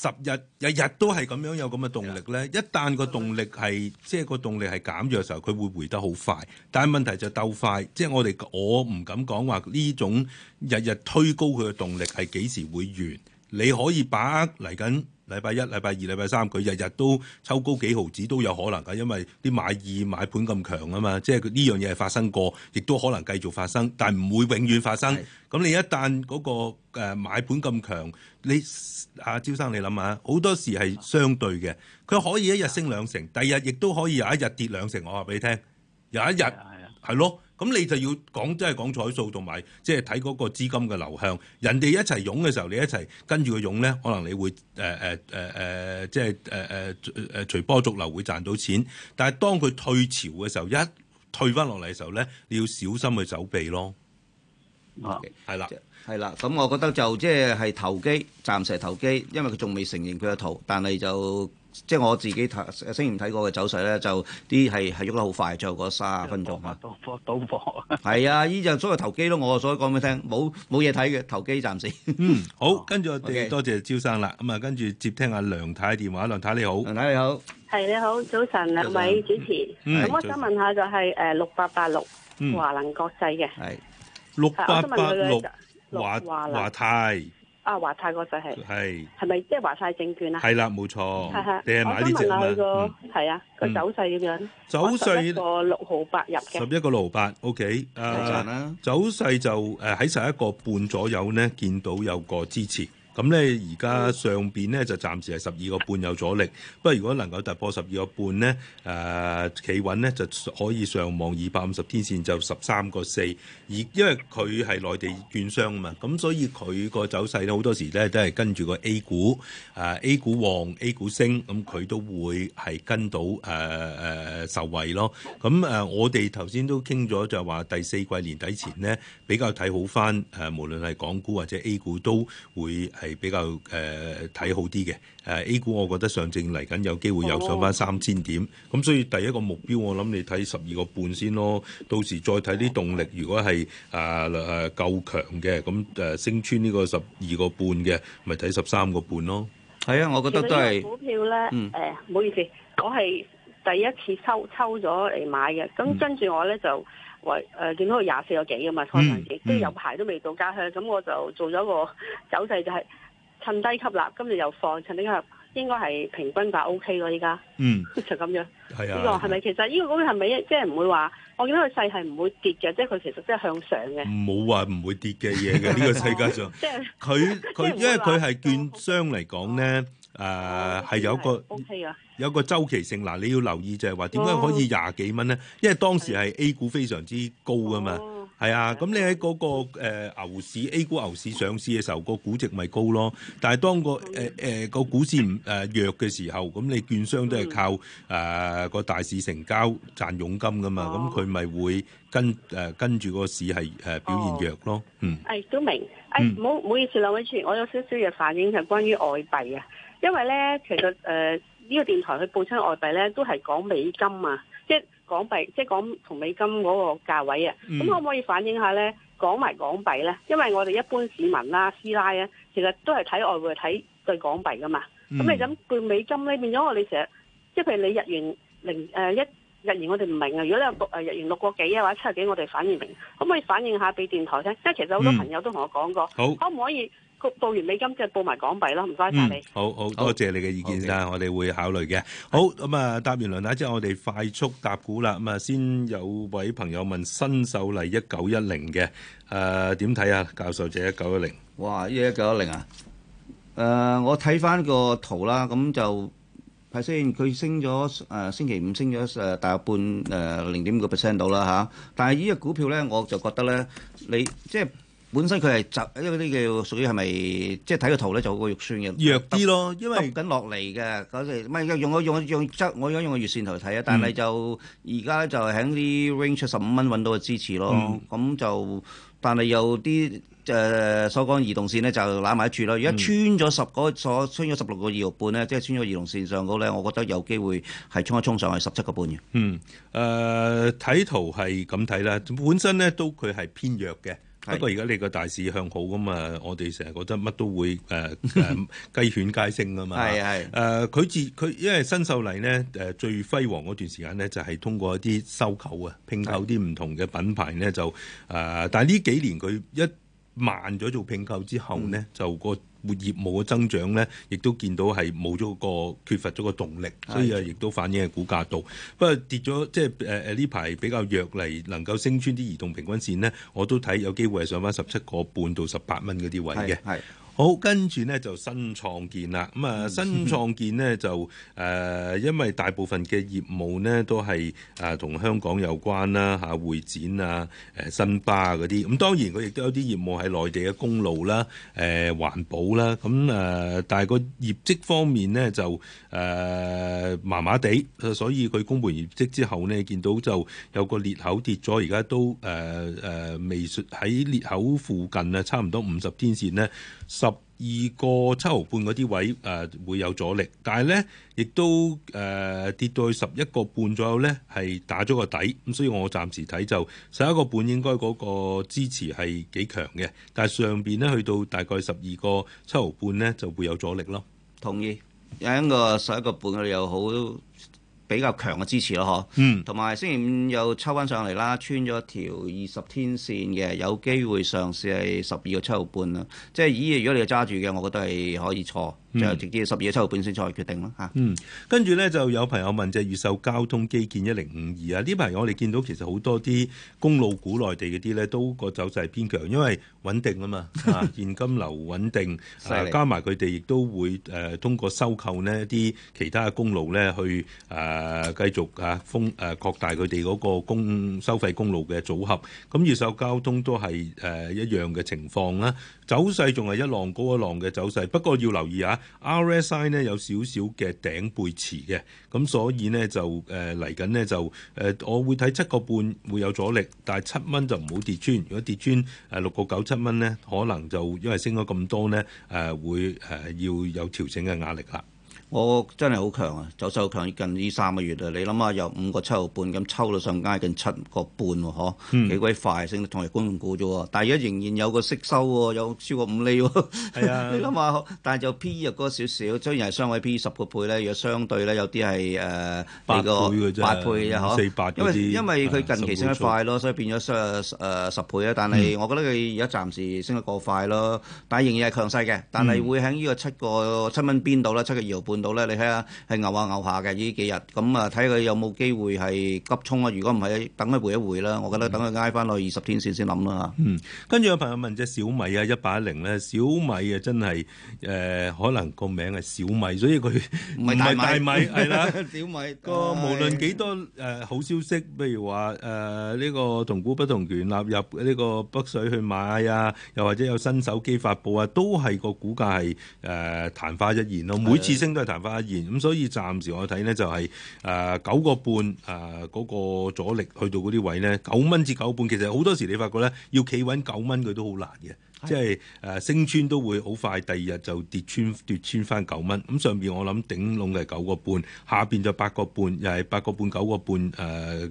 十日日日都係咁樣有咁嘅動力咧，Yeah. 一旦個動力係即係個動力係減弱嘅時候，佢會回得好快。但係問題就鬥快，即係我哋我唔敢講話呢種日日推高佢嘅動力係幾時會完，你可以把握嚟緊。禮拜一、禮拜二、禮拜三，佢日日都抽高幾毫子都有可能㗎，因為啲買二買盤咁強啊嘛，即係呢樣嘢係發生過，亦都可能繼續發生，但唔會永遠發生。咁你一旦嗰個誒買盤咁強，你阿招生你諗下，好多時係相對嘅，佢可以一日升兩成，第二日亦都可以有一日跌兩成。我話俾你聽，有一日係咯。咁你就要講，即係講彩數同埋，即係睇嗰個資金嘅流向。人哋一齊湧嘅時候，你一齊跟住佢湧咧，可能你會誒誒誒誒，即係誒誒誒隨波逐流會賺到錢。但係當佢退潮嘅時候，一退翻落嚟嘅時候咧，你要小心去走避咯。啊，係啦，係啦。咁我覺得就即係係投機，暫時投機，因為佢仲未承認佢嘅圖，但係就。即係我自己睇，星期睇過嘅走勢咧，就啲係係喐得好快，最後嗰三十分鐘 啊。賭博，賭博啊！係啊，依隻所謂投機咯。我所講俾你聽，冇冇嘢睇嘅，投機暫時。嗯，好，跟住我哋多謝招生啦。咁啊，跟住接，Okay, 接，接聽阿梁太，太電話。梁太你好。梁太你好。係你好，早晨兩位主持。咁、嗯嗯、我想問下就係誒六八八六華能國際嘅。係、嗯。六八八六華華泰。啊，華泰國際係係係咪即係華泰證券啊？係啦，冇錯。係係，定係買呢隻？係咪？係啊，個走勢咁樣？走勢個六號八入嘅十一個六號八，OK。誒，走勢就誒喺十一個半左右咧，見到有個支持。咁咧，而家上邊咧就暫時係十二個半有阻力。不過如果能夠突破十二個半咧，誒企穩咧就可以上望二百五十天線就十三個四。而因為佢係內地券商啊嘛，咁所以佢個走勢咧好多時咧都係跟住個 A 股，誒、呃、A 股旺 A 股升，咁、嗯、佢都會係跟到誒誒、呃呃、受惠咯。咁、嗯、誒、呃，我哋頭先都傾咗就係、是、話第四季年底前咧比較睇好翻，誒、呃、無論係港股或者 A 股都會。係比較誒睇、呃、好啲嘅誒 A 股，我覺得上證嚟緊有機會又上返三千點，咁、oh。所以第一個目標我諗你睇十二個半先咯，到時再睇啲動力，如果係誒誒夠強嘅，咁、呃、誒、呃呃、升穿呢個十二個半嘅，咪睇十三個半咯。係啊，我覺得都係股票咧，誒、嗯、唔、呃、好意思，我係第一次抽抽咗嚟買嘅，咁跟住我咧就。嗯喂，誒、嗯嗯、見到佢廿四個幾嘅嘛，拖上去，即係有排都未到家鄉，咁我就做咗個走勢、就是，就係趁低吸啦。今日又放，趁低吸應該係平均價 O K 咯，依、OK、家嗯，就咁樣。係啊，呢、這個係咪、啊、其實呢、這個嗰邊係咪即係唔會話、就是？我見到佢勢係唔會跌嘅，即係佢其實即係向上嘅。冇話唔會跌嘅嘢嘅呢個世界上，即係佢佢因為佢係券商嚟講咧。誒係有一個，有個週期性嗱，你要留意就係話點解可以廿幾蚊咧？因為當時係 A 股非常之高㗎嘛，係啊，咁你喺嗰個誒牛市 A 股牛市上市嘅時候，個估值咪高咯。但係當個誒誒個股市唔誒弱嘅時候，咁你券商都係靠誒個大市成交賺佣金噶嘛，咁佢咪會跟誒跟住個市係誒表現弱咯，嗯。誒，都明，誒唔好唔好意思啦，我有少少嘅反應係關於外幣啊。因為咧，其實誒呢、呃呢個電台去報出外幣咧，都係講美金啊，即係港幣，即係講同美金嗰個價位啊。咁、嗯、可唔可以反映下咧，講埋港幣咧？因為我哋一般市民啦、啊、師奶啊，其實都係睇外匯睇對港幣噶嘛。咁、嗯、你諗對美金咧變咗我哋成日，即係譬如你日元零誒、呃、一日元我哋唔明啊。如果你有六日元六個幾啊，或者七啊幾，我哋反而明。可唔可以反映下俾電台聽？即係其實好多朋友都同我講過，嗯、好可唔可以？報完美金就報埋港幣啦，唔該曬你。好好多謝你嘅意見啊，我哋會考慮嘅。好咁啊，答完輪下之後，我哋快速答股啦。咁啊，先有位朋友問新秀麗一九一零嘅，誒點睇啊？教授姐一九一零。哇！依一九一零啊？誒，我睇翻個圖啦，咁就係先，佢升咗誒星期五升咗誒大約半誒零點五個 percent 度啦嚇。但係依個股票咧，我就覺得咧，你即係。本身佢係集，因為嗰啲叫屬於係咪即係睇個圖咧，就個肉酸嘅弱啲咯，因為落嚟嘅嗰啲唔係用，用，用，用我用用則，我用個月線圖嚟睇啊。但係就而家，嗯、就喺啲 range 十五蚊揾到個支持咯。咁就，嗯、但係有啲誒、呃、所講移動線咧，就攬埋一住咯。而家，嗯、穿咗十個所穿咗十六個二六半咧，即係穿咗移動線上嗰咧，我覺得有機會係衝一衝上去十七個半嘅。嗯誒、睇，呃、圖係咁睇啦，本身咧都佢係偏弱嘅。是不過而家你個大市向好咁啊，我哋成日覺得乜都會誒誒、呃、雞犬皆勝噶嘛。係係誒佢自佢因為新秀麗咧誒最輝煌嗰段時間咧就係、是、通過一啲收購啊，拼購啲唔同嘅品牌咧就誒、呃，但係呢幾年佢一慢咗做拼購之後咧、嗯、就個活業務嘅增長咧，亦都見到係冇咗個缺乏咗個動力，所以啊，亦都反映喺股價度。不過跌咗，即係誒誒呢排比較弱嚟，能夠升穿啲移動平均線咧，我都睇有機會係上返十七個半到十八蚊嗰啲位嘅。好，跟住呢就新創建啦，咁、嗯、啊 新創建呢，就誒、呃，因為大部分嘅業務呢都係誒同香港有關啦，嚇、啊、會展啊、誒、呃、新巴嗰啲，咁當然佢亦都有啲業務喺內地嘅公路啦、誒、呃、環保啦，咁、呃、啊，但係個業績方面呢，就誒麻麻地，所以佢公佈業績之後呢，見到就有個裂口跌咗，而家都誒誒未喺裂口附近啊，差唔多五十天線呢。二個七毫半嗰啲位誒會有阻力，但係呢亦都誒跌到去十一個半左右呢，係打咗個底，咁所以我暫時睇就十一個半應該嗰個支持係幾強嘅，但係上邊呢，去到大概十二個七毫半呢，就會有阻力咯。同意，有一個十一個半嘅又好。比較強嘅支持咯，嗬，嗯，同埋星期五又抽翻上嚟啦，穿咗條二十天線嘅，有機會上市係十二個七毫半啦，即係咦？如果你係揸住嘅，我覺得係可以錯。就直接十二月七號半先再決定啦。嚇。嗯，跟住咧就有朋友問就係越秀交通基建一零五二啊！呢排我哋見到其實好多啲公路股內地嗰啲咧都個走勢偏強，因為穩定嘛啊嘛嚇， 現金流穩定，啊、害加埋佢哋亦都會誒、呃、通過收購咧啲其他嘅公路咧去誒繼、呃、續誒豐誒擴大佢哋嗰個公收費公路嘅組合。咁、嗯、越秀交通都係誒、呃、一樣嘅情況啦，走勢仲係一浪高一浪嘅走勢，不過要留意嚇。RSI 呢有少少嘅頂背馳嘅，咁所以呢就誒嚟緊呢就誒、呃，我會睇七個半會有阻力，但係七蚊就唔好跌穿，如果跌穿誒六個九七蚊呢，可能就因為升咗咁多呢，誒、呃，會誒、呃、要有調整嘅壓力啦。我真係好強啊！走勢好強近呢三個月啊！你諗下，由五個七毫半咁抽到上街近七個半喎，嗬、嗯？幾鬼快升得同日公股啫喎！但係依家仍然有個息收喎，有超過五厘喎。係啊！ 你諗下，但係就 P E 又高少少，雖然係雙位 P 十個倍咧，如果相對咧有啲係誒八倍啊。啫，四因為因為佢近期升得快咯，所以變咗十十倍啊！但係我覺得佢而家暫時升得過快咯，但係仍然係強勢嘅，但係會喺呢個七個七蚊邊度啦？七個二毫半。到咧，你睇下係牛下牛下嘅呢幾日，咁啊睇佢有冇機會係急衝啊？如果唔係，等佢回一回啦。我覺得等佢挨翻落二十天線先諗啦。嗯，跟住有朋友問隻小米啊，一百一零咧，小米啊真係誒，可能個名係小米，所以佢唔係大米係啦，小米個無論幾多誒好消息，譬如話誒呢個同股不同權納入呢個北水去買啊，又或者有新手機發布啊，都係個股價係誒曇花一現咯，每次升都係，發現咁，所以暫時我睇呢就係誒九個半誒嗰個阻力去到嗰啲位呢，九蚊至九半，其實好多時你發覺呢，要企穩九蚊佢都好難嘅，的即係誒升穿都會好快，第二日就跌穿跌穿翻九蚊。咁、嗯、上邊我諗頂籠係九個半，下邊就八個半，又係八個半九個半誒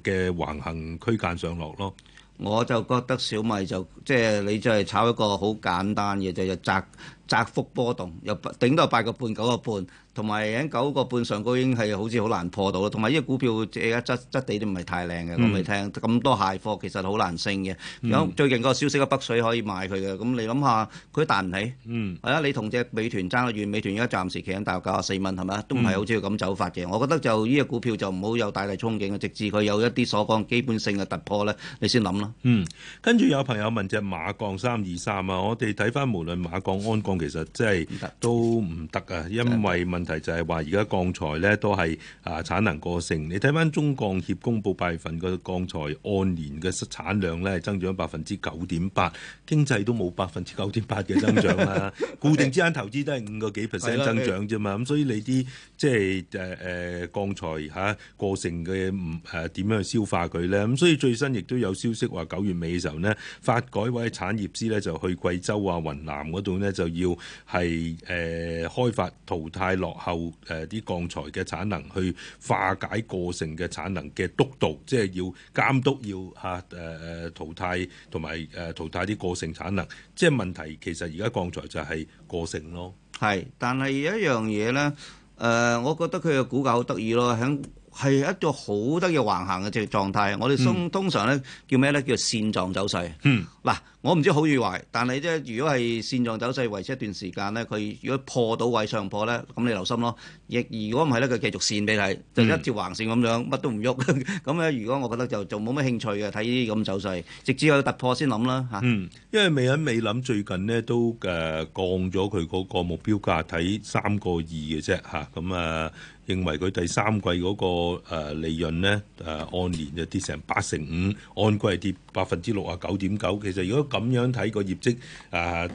嘅橫行區間上落咯。我就覺得小米就即係、就是、你真係炒一個好簡單嘅，就係窄，窄幅波動，又頂多八個半九個半，同埋喺九個半上高已經係好似好難破到啦。同埋呢個股票而家質質地都唔係太靚嘅，咁你聽咁多蟹貨，其實好難升嘅。咁最近個消息嘅北水可以買佢嘅，咁你諗下佢都彈唔起。嗯，係啊，你同隻美團爭得遠，美團而家暫時企喺大約九啊四蚊，係咪啊？都唔係好似咁走法嘅。我覺得就呢個股票就唔好有大大憧憬嘅，直至佢有一啲所講基本性嘅突破咧，你先諗啦。嗯，跟住有朋友問隻馬鋼三二三啊，我哋睇翻無論馬鋼、鞍鋼。其實真係都唔得啊，行因為問題就係話而家鋼材咧都係啊產能過剩。你睇翻中鋼協公佈八月份個鋼材按年嘅產量咧增長百分之九點八，經濟都冇百分之九點八嘅增長啦， 固定資產投資都係五個幾 percent 增長啫嘛。咁 所以你啲即係誒誒鋼材嚇、啊、過剩嘅唔誒點樣去消化佢咧？咁所以最新亦都有消息話九月尾嘅時候呢，發改委產業司咧就去貴州啊、雲南嗰度呢，就要係，誒、呃，開發淘汰落後誒啲鋼材嘅產能，去化解過剩嘅產能嘅督導，即係要監督要，要吓誒誒淘汰同埋誒淘汰啲過剩產能。即係問題其實而家鋼材就係過剩咯。係，但係有一樣嘢咧，誒、呃，我覺得佢嘅股價好得意咯，響。係一個好得意橫行嘅只狀態，我哋通通常咧叫咩咧？叫線狀走勢。嗯，嗱，我唔知好與壞，但係即係如果係線狀走勢維持一段時間咧，佢如果破到位上破咧，咁你留心咯。亦如果唔係咧，佢繼續線俾你，就一條橫線咁樣，乜都唔喐。咁咧，如果我覺得就就冇乜興趣嘅睇呢啲咁走勢，直至有突破先諗啦嚇。嗯，因為未喺未諗，最近咧都誒降咗佢嗰個目標價，睇三個二嘅啫嚇，咁啊。認為佢第三季嗰個利潤咧誒、啊、按年就跌成八成五，按季係跌百分之六十啊九點九。其實如果咁樣睇個業績誒誒、啊啊、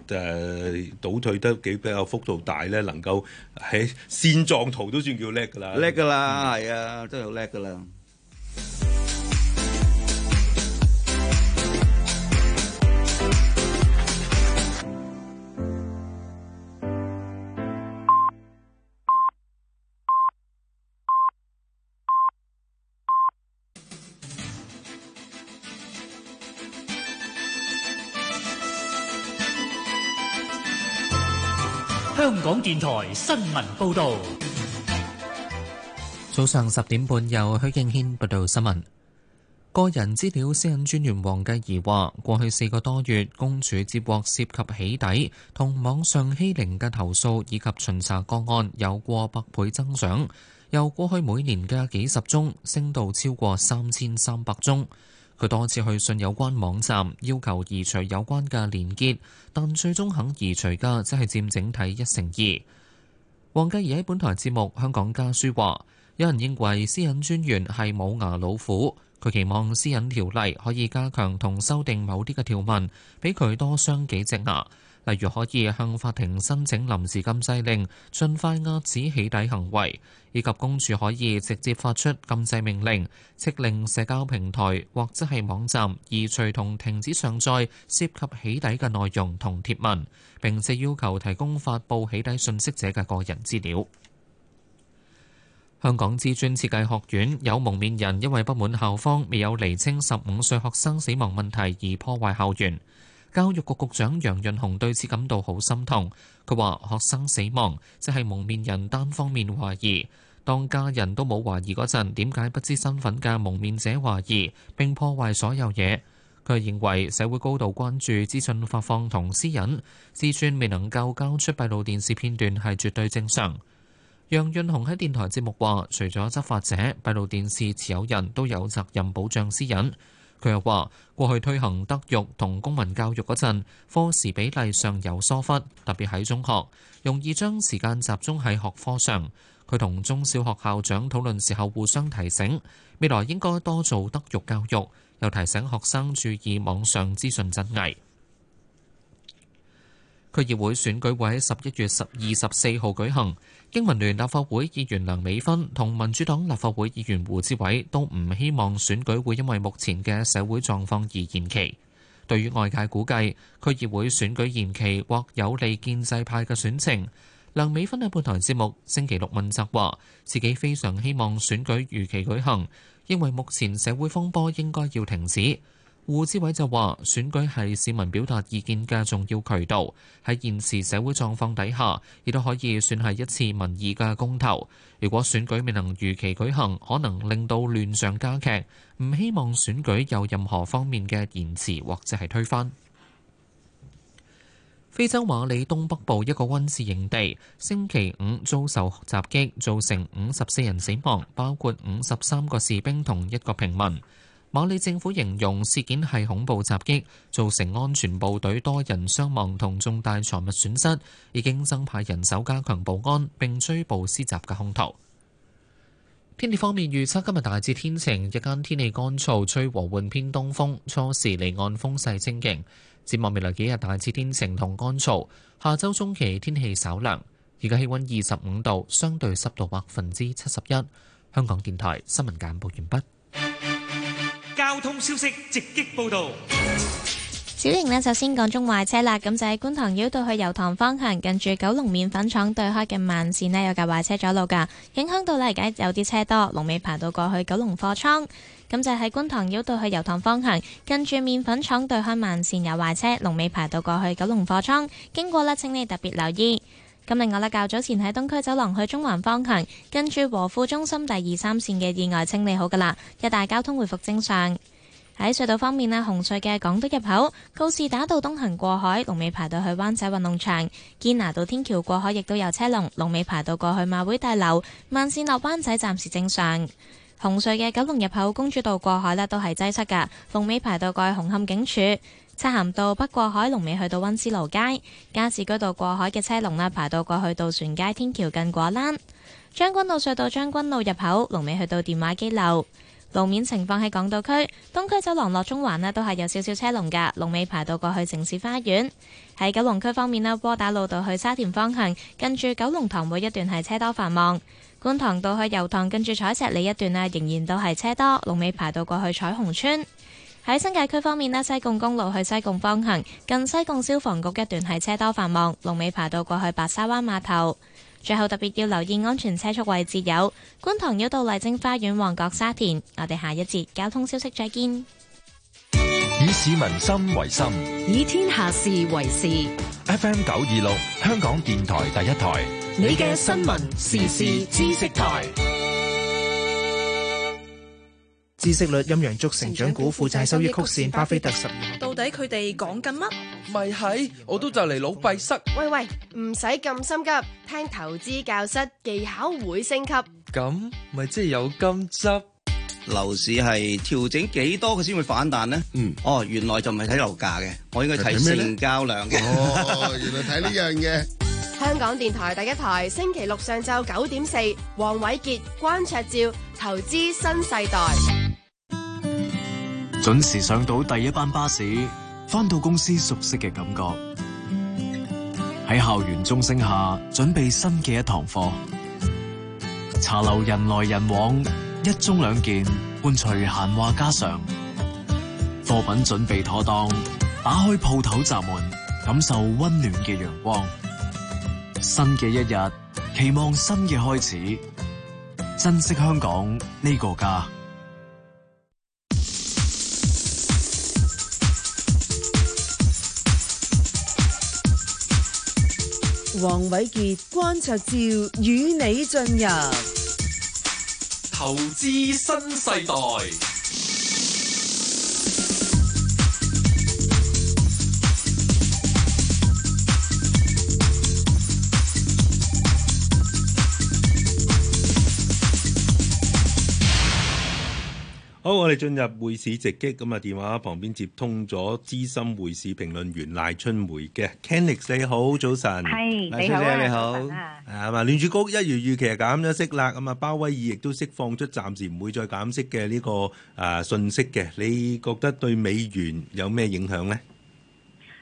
倒退得幾比較幅度大咧，能夠喺線狀圖都算叫叻㗎啦，叻㗎啦，係、嗯、啊，真係好叻㗎啦。香港電台新聞報道，早上十點半由許敬軒報道新聞。個人資料私隱專員黃繼兒話，過去四個多月，公署接獲涉及起底同網上欺凌嘅投訴以及巡查個案，有過百倍增長，由過去每年嘅幾十宗升到超過三千三百宗。佢多次去信有關網站，要求移除有關嘅連結，但最終肯移除嘅只係佔整體一成二。黃繼儀喺本台節目《香港家書》話，有人認為私隱專員係冇牙老虎，佢期望私隱條例可以加強同修訂某啲嘅條文，俾佢多傷幾隻牙。例如可以向法庭申請臨時禁制令，盡快遏止起底行為，以及公署可以直接發出禁制命令，飭令社交平台或者係網站移除同停止上載涉及起底嘅內容同貼文，並且要求提供發布起底信息者嘅個人資料。香港知專設計學院有蒙面人因為不滿校方未有釐清十五歲學生死亡問題而破壞校園。教育局局長楊潤雄對此感到好心痛。佢話學生死亡即係蒙面人單方面懷疑，當家人都冇懷疑嗰陣，點解不知身份嘅蒙面者懷疑並破壞所有嘢？佢認為社會高度關注資訊發放同私隱，資訊未能夠交出閉路電視片段係絕對正常。楊潤雄喺電台節目話，除咗執法者，閉路電視持有人都有責任保障私隱。佢又話：過去推行德育同公民教育嗰陣，課時比例上有疏忽，特別喺中學，容易將時間集中喺學科上。佢同中小學校長討論時候，互相提醒，未來應該多做德育教育，又提醒學生注意網上資訊真偽。區議會選舉會喺十一月十二十四號舉行。英文聯立法會議員梁美芬同民主黨立法會議員胡志偉都唔希望選舉會因為目前嘅社會狀況而延期。對於外界估計區議會選舉延期或有利建制派嘅選情，梁美芬喺本台節目星期六問責話，自己非常希望選舉如期舉行，認為目前社會風波應該要停止。胡志偉就話：選舉係市民表達意見嘅重要渠道，喺現時社會狀況底下，亦都可以算係一次民意嘅公投。如果選舉未能如期舉行，可能令到亂象加劇。唔希望選舉有任何方面嘅延遲或者係推翻。非洲馬里東北部一個軍事營地，星期五遭受襲擊，造成五十四人死亡，包括五十三個士兵同一個平民。馬里政府形容事件係恐怖襲擊，造成安全部隊多人傷亡同重大財物損失，已經增派人手加強保安並追捕施襲嘅兇徒。天氣方面預測今日大致天晴，日間天氣乾燥，吹和緩偏東風，初時離岸風勢清勁。展望未來幾日大致天晴同乾燥，下周中期天氣稍涼。而家氣温二十五度，相對濕度百分之七十一。香港電台新聞簡報完畢。交通消息直擊報道，小玲呢，首先講中壞車啦。咁就喺觀塘繞道去油塘方向，近住九龍麵粉廠對開嘅慢線呢，有架壞車阻路噶，影響到呢。而家有啲車多，龍尾排到過去九龍貨倉。咁就喺觀塘繞道去油塘方向，近住麵粉廠對開慢線有壞車，龍尾排到過去九龍貨倉。經過呢，請你特別留意。今日我哋較早前喺東區走廊去中環方向，跟住和富中心第二三線嘅意外清理好噶啦，一帶交通回復正常。喺隧道方面呢，紅隧嘅港島入口告士打道東行過海，龍尾排到去灣仔運動場；堅拿道天橋過海亦都有車龍，龍尾排到過去馬會大樓。慢線落灣仔暫時正常。紅隧嘅九龍入口公主道過海呢都係擠塞噶，龍尾排到過去紅磡警署。漆咸道北過海，龍尾去到溫思勞街，加士居道過海嘅車龍啦，排到過去渡船街天橋近果欄。將軍澳隧道，將軍澳入口龍尾去到電話機樓。路面情況，喺港島區東區走廊落中環咧都係有少少車龍噶，龍尾排到過去城市花園。喺九龍區方面啦，窩打老道，去沙田方向，近住九龍塘每一段係車多繁忙。觀塘道去油塘近住彩石里一段啊，仍然都係車多，龍尾排到過去彩虹村。喺新界區方面咧，西貢公路去西貢方向，近西貢消防局一段係車多繁忙，龍尾爬到過去白沙灣碼頭。最後特別要留意安全車速位置有觀塘繞道麗晶花園、旺角、沙田。我哋下一節交通消息再見。以市民心為心，以天下事為事。FM 九二六，香港電台第一台，你嘅新聞時事知識台。知識率陰陽燭成長股負債收益曲線巴菲特十年到底佢哋講緊乜？咪係我都就嚟老閉塞。喂喂，唔使咁心急，聽投資教室技巧會升級。咁咪即係有金汁？樓市係調整幾多佢先會反彈呢？嗯，哦，原來就唔係睇樓價嘅，我應該睇成交量嘅。哦，原來睇呢樣嘢。香港電台第一台，星期六上晝九點四，黃瑋傑、關焯照，投資新世代。準時上到第一班巴士，翻到公司熟悉嘅感覺。喺校園鐘聲下，準備新嘅一堂課。茶樓人來人往，一盅兩件，伴隨閒話家常。貨品準備妥當，打開鋪頭閘門，感受溫暖嘅陽光。新嘅一日，期望新嘅開始，珍惜香港呢個家。黃瑋傑、關焯照，與你進入投資新世代。好，我哋進入匯市直擊咁啊！電話旁邊接通咗資深匯市評論員賴春梅嘅 Kenix 你好早晨，hey, L ais, 你好啊，你好啊，聯儲局一如預期減咗息啦，咁啊，鮑威爾亦都釋放出暫時唔會再減息嘅呢、這個啊信息嘅，你覺得對美元有咩影響咧？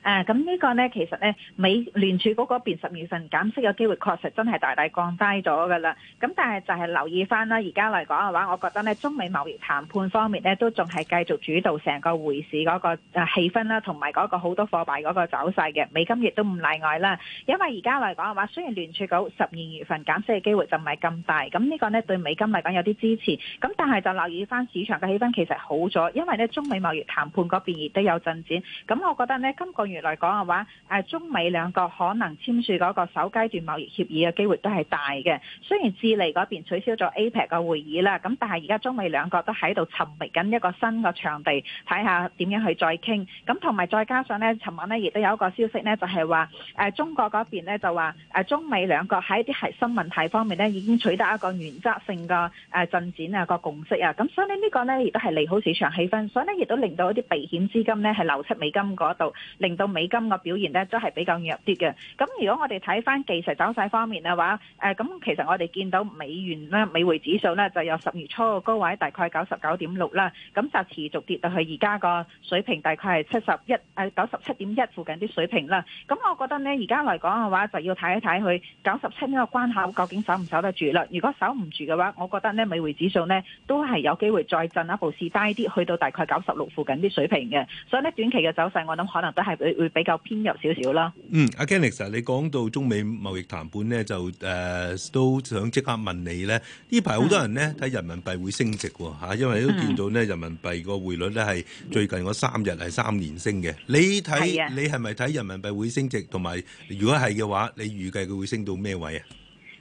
誒，咁呢個呢，其實呢，美聯儲局嗰邊十二月份減息嘅機會，確實真係大大降低咗㗎啦。咁但係就係留意返啦，而家嚟講嘅話，我覺得呢中美貿易談判方面呢，都仲係繼續主導成個匯市嗰個氣氛啦，同埋嗰個好多貨幣嗰個走勢嘅，美金亦都唔例外啦。因為而家嚟講嘅話，雖然聯儲局十二月份減息嘅機會就唔係咁大，咁呢個呢對美金嚟講有啲支持。咁但係就留意返市場嘅氣氛其實好咗，因為呢中美貿易談判嗰邊亦都有進展。咁我覺得呢今個月，嚟講嘅話，誒中美兩國可能簽署嗰個首階段貿易協議嘅機會都係大嘅。雖然智利嗰邊取消咗 APEC 嘅會議啦，咁但係而家中美兩國都喺度尋覓緊一個新嘅場地，睇下點樣去再傾。咁同埋再加上呢，尋晚呢亦都有一個消息呢，就係話誒中國嗰邊呢就話誒中美兩國喺一啲核心問題方面呢已經取得一個原則性嘅誒進展啊，個共識啊。咁所以呢呢個呢亦都係利好市場氣氛，所以呢，亦都令到一啲避險資金呢係流出美金嗰度，令到。美金嘅表現呢都係比較弱啲嘅。咁如果我哋睇返技術走勢方面嘅話，誒咁其實我哋見到美元呢美匯指數呢就有十月初個高位大概九十九點六啦，咁就持續跌到去而家個水平，大概係七十一誒九十七點一附近啲水平啦。咁我覺得呢，而家嚟講嘅話就要睇一睇佢九十七呢個關口究竟守唔守得住啦。如果守唔住嘅話，我覺得呢美匯指數呢都係有機會再進一步試低啲，去到大概九十六附近啲水平嘅。所以呢，短期嘅走勢，我諗可能都係。會會比較偏弱少少啦。嗯，阿 Kenneth 你講到中美貿易談判咧，就誒、呃、都想即刻問你咧。呢排好多人咧睇人民幣會升值喎，因為都見到咧人民幣個匯率咧係最近嗰三日係三連升嘅。你睇你係咪睇人民幣會升值？同、啊、埋的如果係嘅話，你預計佢會升到咩位啊？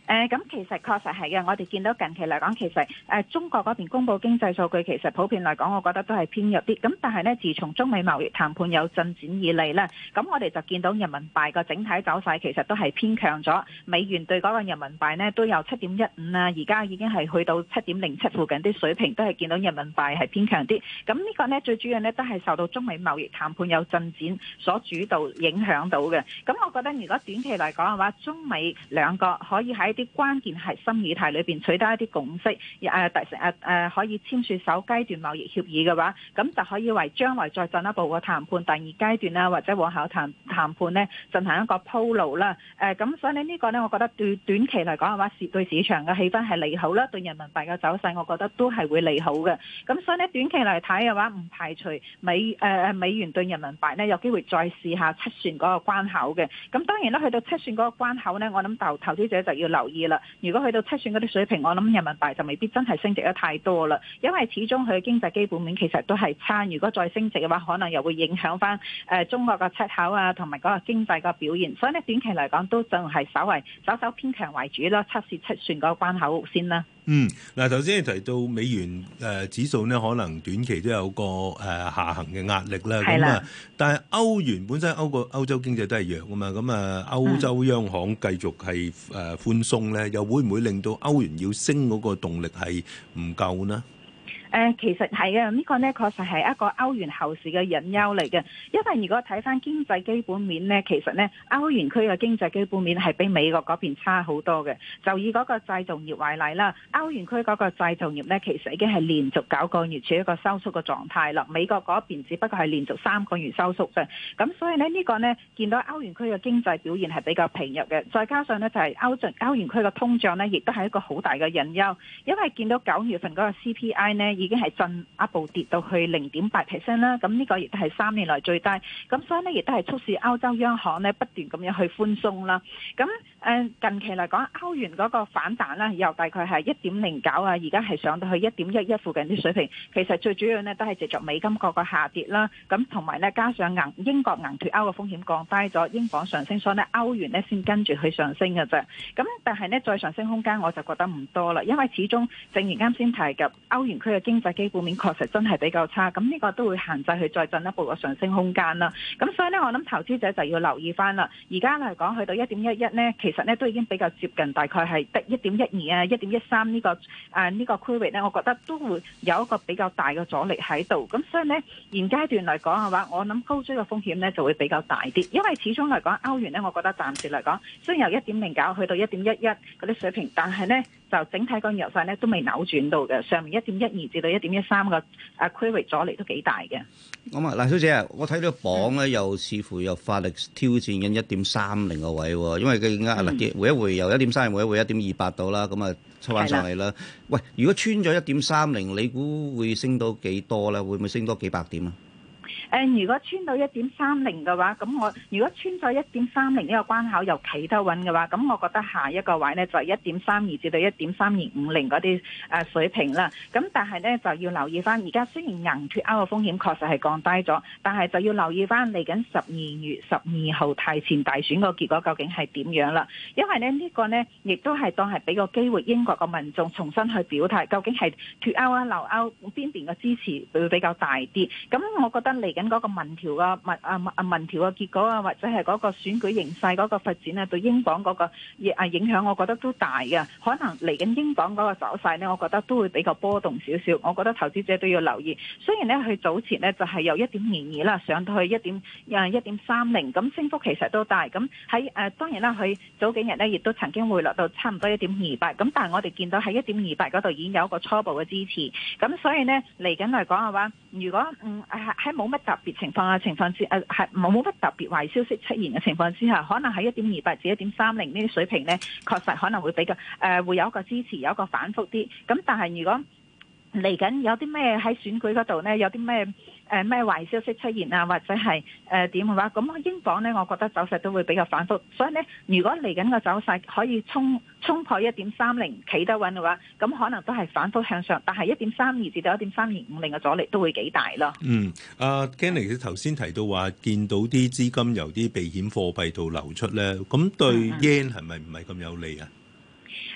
誒咁、呃、其實確實係嘅，我哋見到近期嚟講，其實誒、呃、中國嗰邊公佈經濟數據，其實普遍嚟講，我覺得都係偏弱啲。咁但係呢，自從中美貿易談判有進展以嚟呢，咁我哋就見到人民幣個整體走勢其實都係偏強咗，美元對嗰個人民幣呢，都有七點一五啦，而家已經係去到七點零七附近啲水平，都係見到人民幣係偏強啲。咁呢個呢，最主要呢，都係受到中美貿易談判有進展所主導影響到嘅。咁我覺得如果短期嚟講嘅話，中美兩個可以喺啲關鍵係深議題裏邊取得一啲共識，誒第成可以簽署首階段貿易協議嘅話，咁就可以為將來再進一步嘅談判第二階段啦，或者往後談談判呢進行一個鋪路啦。誒、呃、咁，所以呢呢個呢我覺得對短短期嚟講嘅話，市對市場嘅氣氛係利好啦，對人民幣嘅走勢，我覺得都係會利好嘅。咁所以呢，短期嚟睇嘅話，唔排除美誒、呃、美元對人民幣呢有機會再試下七算嗰個關口嘅。咁當然啦，去到七算嗰個關口呢，我諗投投資者就要留意啦，如果去到七算嗰啲水平，我諗人民幣就未必真係升值得太多啦，因為始終佢經濟基本面其實都係差，如果再升值嘅話，可能又會影響翻誒中國嘅出口啊，同埋嗰個經濟個表現，所以呢，短期嚟講都仲係稍為稍稍偏強為主咯，測試七算嗰個關口先啦。嗯，嗱，頭先你提到美元誒、呃、指數咧，可能短期都有個誒、呃、下行嘅壓力啦。咁啊，但係歐元本身歐國歐洲經濟都係弱啊嘛，咁啊歐洲央行繼續係誒、呃、寬鬆咧，又會唔會令到歐元要升嗰個動力係唔夠呢？誒、呃，其實係嘅，呢、呢個咧確實係一個歐元後市嘅隱憂嚟嘅。因為如果睇翻經濟基本面呢，其實咧歐元區嘅經濟基本面係比美國嗰邊差好多嘅。就以嗰個製造業為例啦，歐元區嗰個製造業呢，其實已經係連續九個月處於一個收縮嘅狀態啦。美國嗰邊只不過係連續三個月收縮啫。咁所以呢，呢、呢個呢見到歐元區嘅經濟表現係比較平弱嘅，再加上呢，就係歐洲歐元區嘅通脹呢，亦都係一個好大嘅隱憂，因為見到九月份嗰個 CPI 呢，已經係進一步跌到去零點八 percent 啦，咁呢個亦都係三年來最低，咁所以呢，亦都係促使歐洲央行呢不斷咁樣去寬鬆啦。咁誒、呃、近期嚟講，歐元嗰個反彈啦，由大概係一點零九啊，而家係上到去一點一一附近啲水平。其實最主要呢，都係藉助美金個個下跌啦，咁同埋呢，加上英英國硬脱歐嘅風險降低咗，英鎊上升，所以呢，歐元呢先跟住去上升嘅啫。咁但係呢，再上升空間我就覺得唔多啦，因為始終正如啱先提及歐元區嘅。經濟基本面確實真係比較差，咁呢個都會限制佢再進一步嘅上升空間啦。咁所以呢，我諗投資者就要留意翻啦。而家嚟講去到一點一一呢，其實呢都已經比較接近，大概係得一點一二啊、一點一三呢個誒呢個區域呢，我覺得都會有一個比較大嘅阻力喺度。咁所以呢，現階段嚟講嘅話，我諗高追嘅風險呢就會比較大啲，因為始終嚟講歐元呢，我覺得暫時嚟講，雖然由一點零九去到一點一一嗰啲水平，但係呢。就整體個油勢咧都未扭轉到嘅，上面一點一二至到一點一三個啊區域阻力都幾大嘅。咁啊，嗱，小姐啊，我睇到鎊咧又似乎又發力挑戰緊一點三零個位喎，因為佢啱嗱，回一回由一點三二，回一回一點二八度啦，咁啊出翻上嚟啦。喂，如果穿咗一點三零，你估會升到幾多咧？會唔會升多幾百點啊？誒，如果穿到一點三零嘅話，咁我如果穿咗一點三零呢個關口又企得穩嘅話，咁我覺得下一個位呢就係一點三二至到一點三二五零嗰啲誒水平啦。咁但係呢，就要留意翻，而家雖然硬脫歐嘅風險確實係降低咗，但係就要留意翻嚟緊十二月十二號提前大選個結果究竟係點樣啦？因為咧呢、呢個呢，亦都係當係俾個機會英國個民眾重新去表態，究竟係脫歐啊留歐邊邊嘅支持會比較大啲？咁我覺得嚟緊。嗰個民調嘅民啊啊，啊民調嘅結果啊，或者係嗰個選舉形勢嗰個發展咧、啊，對英鎊嗰個啊影響，我覺得都大嘅、啊。可能嚟緊英鎊嗰個走勢呢，我覺得都會比較波動少少。我覺得投資者都要留意。雖然呢，佢早前呢就係由一點二二啦上到去一點一點三零，咁升幅其實都大。咁喺誒當然啦，佢早幾日呢亦都曾經回落到差唔多一點二八。咁但係我哋見到喺一點二八嗰度已經有一個初步嘅支持。咁所以呢，嚟緊嚟講嘅話，如果嗯喺冇乜特別情況嘅情況之誒係冇冇乜特別壞消息出現嘅情況之下，可能喺一點二八至一點三零呢啲水平咧，確實可能會比較誒、呃、會有一個支持，有一個反覆啲。咁但係如果，嚟緊有啲咩喺選舉嗰度呢？有啲咩誒咩壞消息出現啊？或者係誒點嘅話，咁英鎊呢，我覺得走勢都會比較反覆。所以呢，如果嚟緊個走勢可以衝衝破一點三零企得穩嘅話，咁可能都係反覆向上。但係一點三二至到一點三二五零嘅阻力都會幾大咯。嗯，阿 Kelly 頭先提到話，見到啲資金由啲避險貨幣度流出呢，咁對 yen 係咪唔係咁有利啊？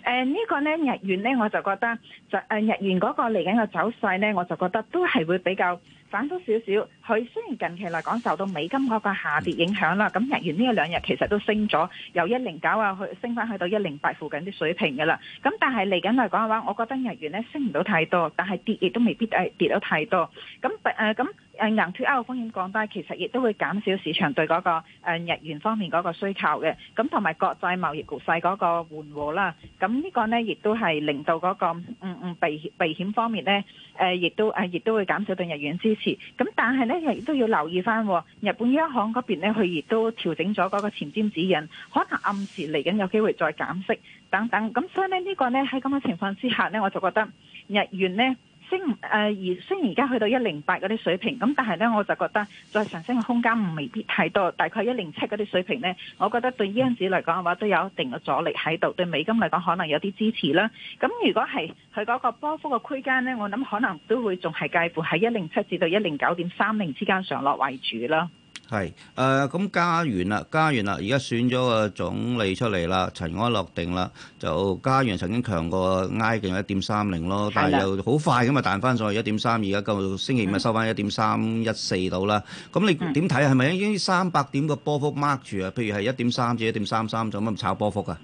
誒、呃這個、呢個咧，日元咧，我就覺得就誒、呃、日元嗰個嚟緊嘅走勢咧，我就覺得都係會比較反覆少少。佢雖然近期嚟講受到美金嗰個下跌影響啦，咁日元呢一兩日其實都升咗，由一零九啊去升返去到一零八附近啲水平嘅啦。咁但係嚟緊嚟講嘅話，我覺得日元咧升唔到太多，但係跌亦都未必誒跌到、呃、太多。咁誒咁。呃誒硬脫歐風險降低，其實亦都會減少市場對嗰、那個、呃、日元方面嗰個需求嘅，咁同埋國際貿易局勢嗰個緩和啦，咁、啊、呢、這個呢，亦都係令到嗰個嗯嗯避避險方面呢，誒、呃、亦都誒亦、啊、都會減少對日元支持。咁但係呢，亦都要留意翻、啊，日本央行嗰邊呢，佢亦都調整咗嗰個前瞻指引，可能暗示嚟緊有機會再減息等等。咁所以呢，呢個呢，喺咁嘅情況之下呢，我就覺得日元呢。雖誒而雖然而家去到一零八嗰啲水平，咁但係咧我就覺得再上升嘅空間未必太多。大概一零七嗰啲水平咧，我覺得對央子嚟講嘅話都有一定嘅阻力喺度。對美金嚟講，可能有啲支持啦。咁如果係佢嗰個波幅嘅區間咧，我諗可能都會仲係介乎喺一零七至到一零九點三零之間上落為主啦。係，誒咁加元啦，加元啦，而家選咗個總理出嚟啦，塵埃落定啦，就加元，曾經強過挨近一點三零咯，的但係又好快咁啊彈翻上去一點三，而家今日星期五咪收翻一點三一四到啦，咁、嗯、你點睇啊？係咪已經三百點個波幅 mark 住啊？譬如係一點三至一點三三，就咁炒波幅啊。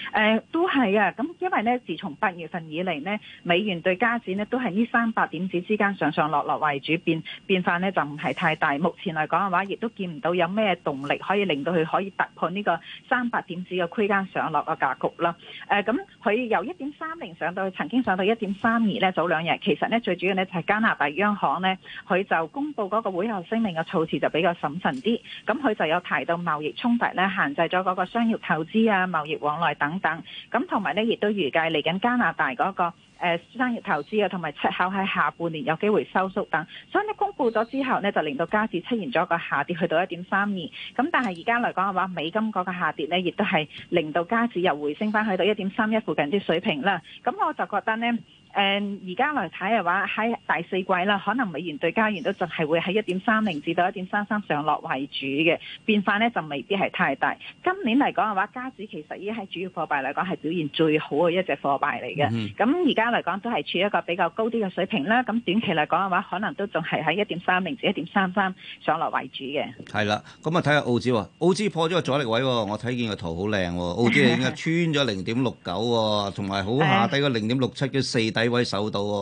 誒、呃、都係啊！咁因為咧，自從八月份以嚟呢，美元對加元呢都係呢三百點子之間上上落落為主，變變化呢就唔係太大。目前嚟講嘅話，亦都見唔到有咩動力可以令到佢可以突破呢個三百點子嘅區間上落嘅格局啦。誒、呃、咁，佢、嗯、由一點三零上到去，曾經上到一點三二呢，早兩日其實呢最主要呢就係、是、加拿大央行呢，佢就公布嗰個會後聲明嘅措辭就比較審慎啲。咁、嗯、佢就有提到貿易衝突呢，限制咗嗰個商業投資啊、貿易往來等。等等，咁同埋咧，亦都預計嚟緊加拿大嗰個誒商業投資啊，同埋出口喺下半年有機會收縮等，所以呢，公佈咗之後呢，就令到加指出現咗一個下跌，去到一點三二。咁但係而家嚟講嘅話，美金嗰個下跌呢，亦都係令到加指又回升翻去到一點三一附近啲水平啦。咁我就覺得呢。誒而家來睇嘅話，喺第四季啦，可能美元對加元都仲係會喺一點三零至到一點三三上落為主嘅變化呢，就未必係太大。今年嚟講嘅話，加紙其實已經係主要貨幣嚟講係表現最好嘅一隻貨幣嚟嘅。咁而家嚟講都係處於一個比較高啲嘅水平啦。咁短期嚟講嘅話，可能都仲係喺一點三零至一點三三上落為主嘅。係啦，咁啊睇下澳紙喎，澳紙破咗個阻力位喎，我睇見個圖好靚喎，澳紙已經穿咗零點六九喎，同埋好下低個零點六七嘅四低位守到喎，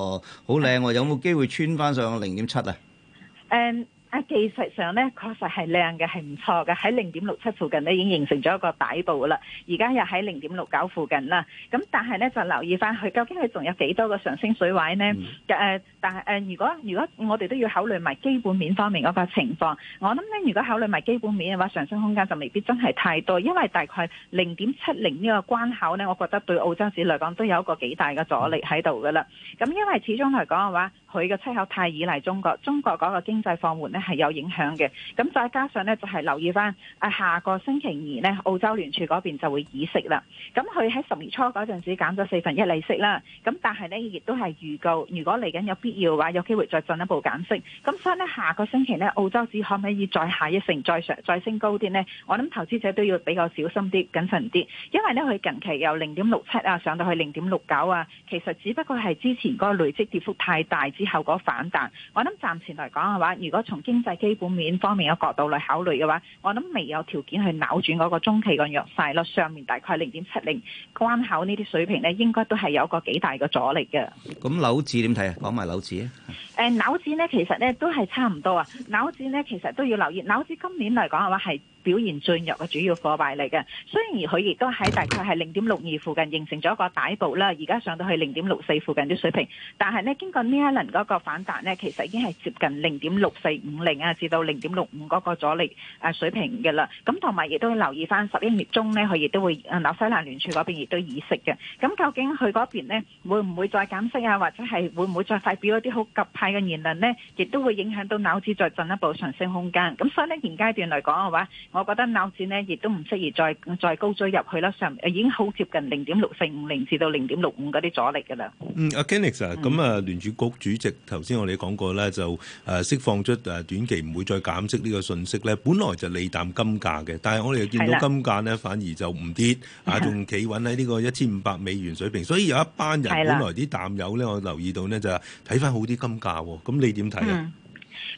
好靚喎，有冇機會穿翻上零點七啊？ 啊，技術上咧確實係靚嘅，係唔錯嘅，喺零點六七附近咧已經形成咗一個底部啦。而家又喺零點六九附近啦。咁但係咧就留意翻佢，究竟佢仲有幾多個上升水位呢？誒、嗯呃，但係誒、呃，如果如果我哋都要考慮埋基本面方面嗰個情況，我諗咧，如果考慮埋基本面嘅話，上升空間就未必真係太多，因為大概零點七零呢個關口呢，我覺得對澳洲市嚟講都有一個幾大嘅阻力喺度嘅啦。咁因為始終嚟講嘅話，佢嘅出口太依賴中國，中國嗰個經濟放緩咧。係有影響嘅，咁再加上呢，就係留意翻，誒下個星期二呢，澳洲聯儲嗰邊就會議息啦。咁佢喺十月初嗰陣時減咗四分一利息啦，咁但係呢，亦都係預告，如果嚟緊有必要嘅話，有機會再進一步減息。咁所以呢，下個星期呢，澳洲紙可唔可以再下一城，再上再升高啲呢？我諗投資者都要比較小心啲、謹慎啲，因為呢，佢近期由零點六七啊上到去零點六九啊，其實只不過係之前嗰個累積跌幅太大之後嗰反彈。我諗暫時嚟講嘅話，如果從經濟基本面方面嘅角度嚟考慮嘅話，我諗未有條件去扭轉嗰個中期個弱勢咯。上面大概零點七零關口呢啲水平咧，應該都係有個幾大嘅阻力嘅。咁樓市點睇啊？講埋樓市，啊！誒，樓市咧其實咧都係差唔多啊。樓市咧其實都要留意。樓市今年嚟講嘅話係表現最弱嘅主要貨幣嚟嘅，雖然佢亦都喺大概係零點六二附近形成咗一個底部啦，而家上到去零點六四附近啲水平，但，但係呢經過呢一輪嗰個反彈呢，其實已經係接近零點六四五零啊，至到零點六五嗰個阻力誒、啊、水平嘅啦。咁同埋亦都留意翻十一月中呢，佢亦都會紐西蘭聯儲嗰邊亦都意識嘅。咁究竟佢嗰邊咧會唔會再減息啊？或者係會唔會再發表一啲好急派嘅言論呢？亦都會影響到紐資再進一步上升空間。咁所以呢，現階段嚟講嘅話，我覺得鬧市咧，亦都唔適宜再再高追入去啦，上已經好接近零點六四五零至到零點六五嗰啲阻力㗎喇。嗯，阿 Kenix 啊，咁啊聯儲局主席頭先我哋講過咧，就誒釋放出誒短期唔會再減息呢個訊息咧，本來就利淡金價嘅，但係我哋又見到金價咧反而就唔跌，啊仲企穩喺呢個一千五百美元水平，所以有一班人本來啲淡友咧，我留意到咧就係睇翻好啲金價，咁你點睇啊？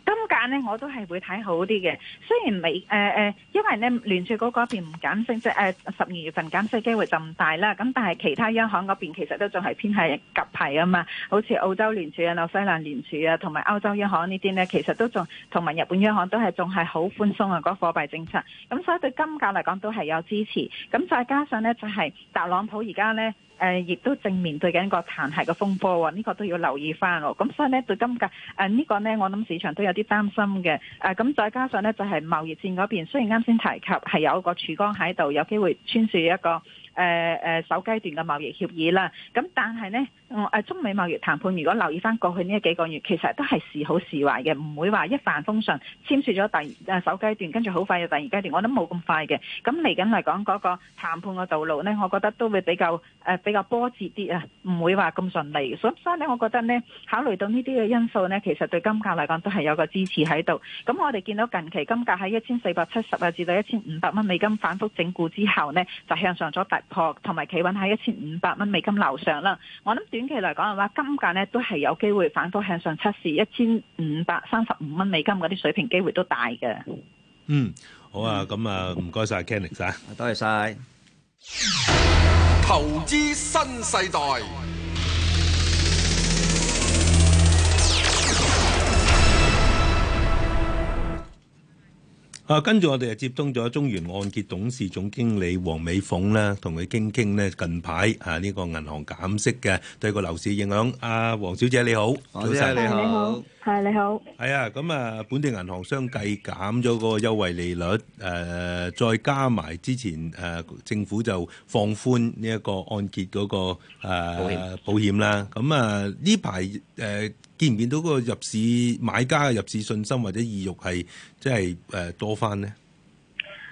金價呢，我都係會睇好啲嘅，雖然未誒誒，因為呢聯儲局嗰邊唔減息即係誒十二月份減息機會就唔大啦，咁但係其他央行嗰邊其實都仲係偏係鴿派啊嘛，好似澳洲聯儲啊、紐西蘭聯儲啊、同埋歐洲央行呢啲呢，其實都仲同埋日本央行都係仲係好寬鬆啊、嗰個貨幣政策，咁所以對金價嚟講都係有支持，咁再加上呢，就係、是、特朗普而家呢。誒，亦、呃、都正面對緊個彈劾嘅風波喎、哦，呢、這個都要留意翻咯、哦。咁所以呢，對今屆誒呢個呢，我諗市場都有啲擔心嘅。誒、呃，咁再加上呢，就係、是、貿易戰嗰邊，雖然啱先提及係有一個曙光喺度，有機會簽署一個誒誒、呃呃、首階段嘅貿易協議啦。咁、呃、但係呢。中美貿易談判，如果留意翻過去呢幾個月，其實都係時好時壞嘅，唔會話一帆風順。簽署咗第誒、啊、首階段，跟住好快有第二階段，我諗冇咁快嘅。咁嚟緊嚟講嗰個談判嘅道路呢，我覺得都會比較誒、呃、比較波折啲啊，唔會話咁順利。所以呢，所以我覺得呢，考慮到呢啲嘅因素呢，其實對金價嚟講都係有個支持喺度。咁、嗯、我哋見到近期金價喺一千四百七十啊至到一千五百蚊美金反覆整固之後呢，就向上咗突破，同埋企穩喺一千五百蚊美金樓上啦。我諗短期嚟講嘅話，金價咧都係有機會反覆向上測試一千五百三十五蚊美金嗰啲水平，機會都大嘅。嗯，好啊，咁、嗯嗯、啊，唔該晒。Kenneth 啊，多謝晒投資新世代。啊，跟住我哋就接通咗中原按揭董事總經理黃美鳳咧，同佢傾傾咧，近排啊呢個銀行減息嘅對個樓市影響啊，黃、這個啊、小姐你好，早晨，你好。上係你好。係啊，咁啊，本地銀行相繼減咗個優惠利率，誒、呃，再加埋之前誒、呃、政府就放寬呢一個按揭嗰個、呃、保險啦。咁啊，呢排誒見唔見到嗰個入市買家嘅入市信心或者意欲係即係誒多翻呢？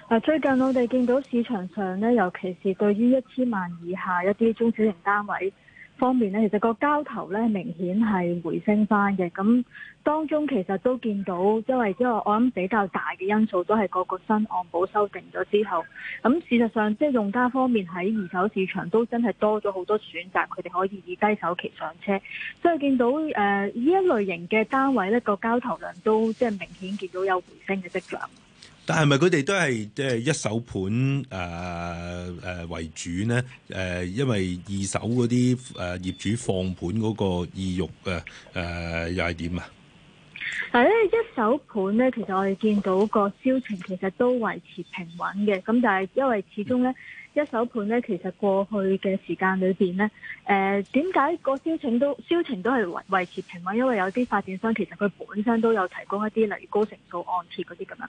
嗱，最近我哋見到市場上咧，尤其是對於一千萬以下一啲中小型單位，方面咧，其實個交投咧明顯係回升翻嘅。咁當中其實都見到，因為即係我諗比較大嘅因素都係個個新按保修訂咗之後，咁事實上即係、即係、用家方面喺二手市場都真係多咗好多選擇，佢哋可以以低首期上車，所以見到誒呢、呃、一類型嘅單位咧，個交投量都即係、即係、明顯見到有回升嘅跡象。但係咪佢哋都係即係一手盤誒誒、呃呃、為主呢？誒、呃、因為二手嗰啲誒業主放盤嗰個意欲嘅誒又係點啊？係咧，一手盤咧，其實我哋見到個銷情其實都維持平穩嘅。咁但係因為始終咧。嗯一手盤咧，其實過去嘅時間裏邊咧，誒點解個銷情都銷情都係維維持平穩？因為有啲發展商其實佢本身都有提供一啲例如高成數按揭嗰啲咁樣。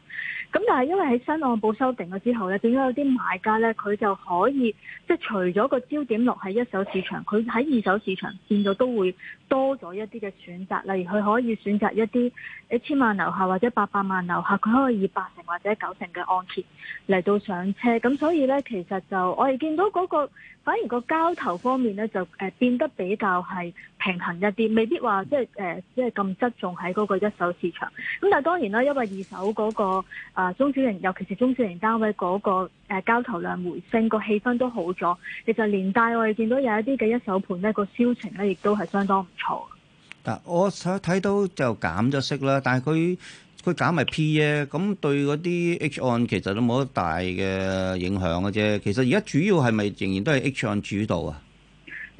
咁但係因為喺新按保修訂咗之後咧，點解有啲買家咧，佢就可以即係除咗個焦點落喺一手市場，佢喺二手市場見到都會多咗一啲嘅選擇，例如佢可以選擇一啲一千萬樓下或者八百萬樓下，佢可以以八成或者九成嘅按揭嚟到上車。咁所以咧，其實就我哋見到嗰、那個，反而個交投方面咧就誒、呃、變得比較係平衡一啲，未必話、呃、即係誒即係咁側重喺嗰個一手市場。咁但係當然啦，因為二手嗰、那個、呃、中小型，尤其是中小型單位嗰、那個、呃、交投量回升，個氣氛都好咗。其實連帶我哋見到有一啲嘅一手盤咧，那個銷情咧亦都係相當唔錯。嗱，我想睇到就減咗息啦，但係佢。佢減埋 P 啫，咁對嗰啲 H 按其實都冇乜大嘅影響嘅啫。其實而家主要係咪仍然都係 H 按主導啊？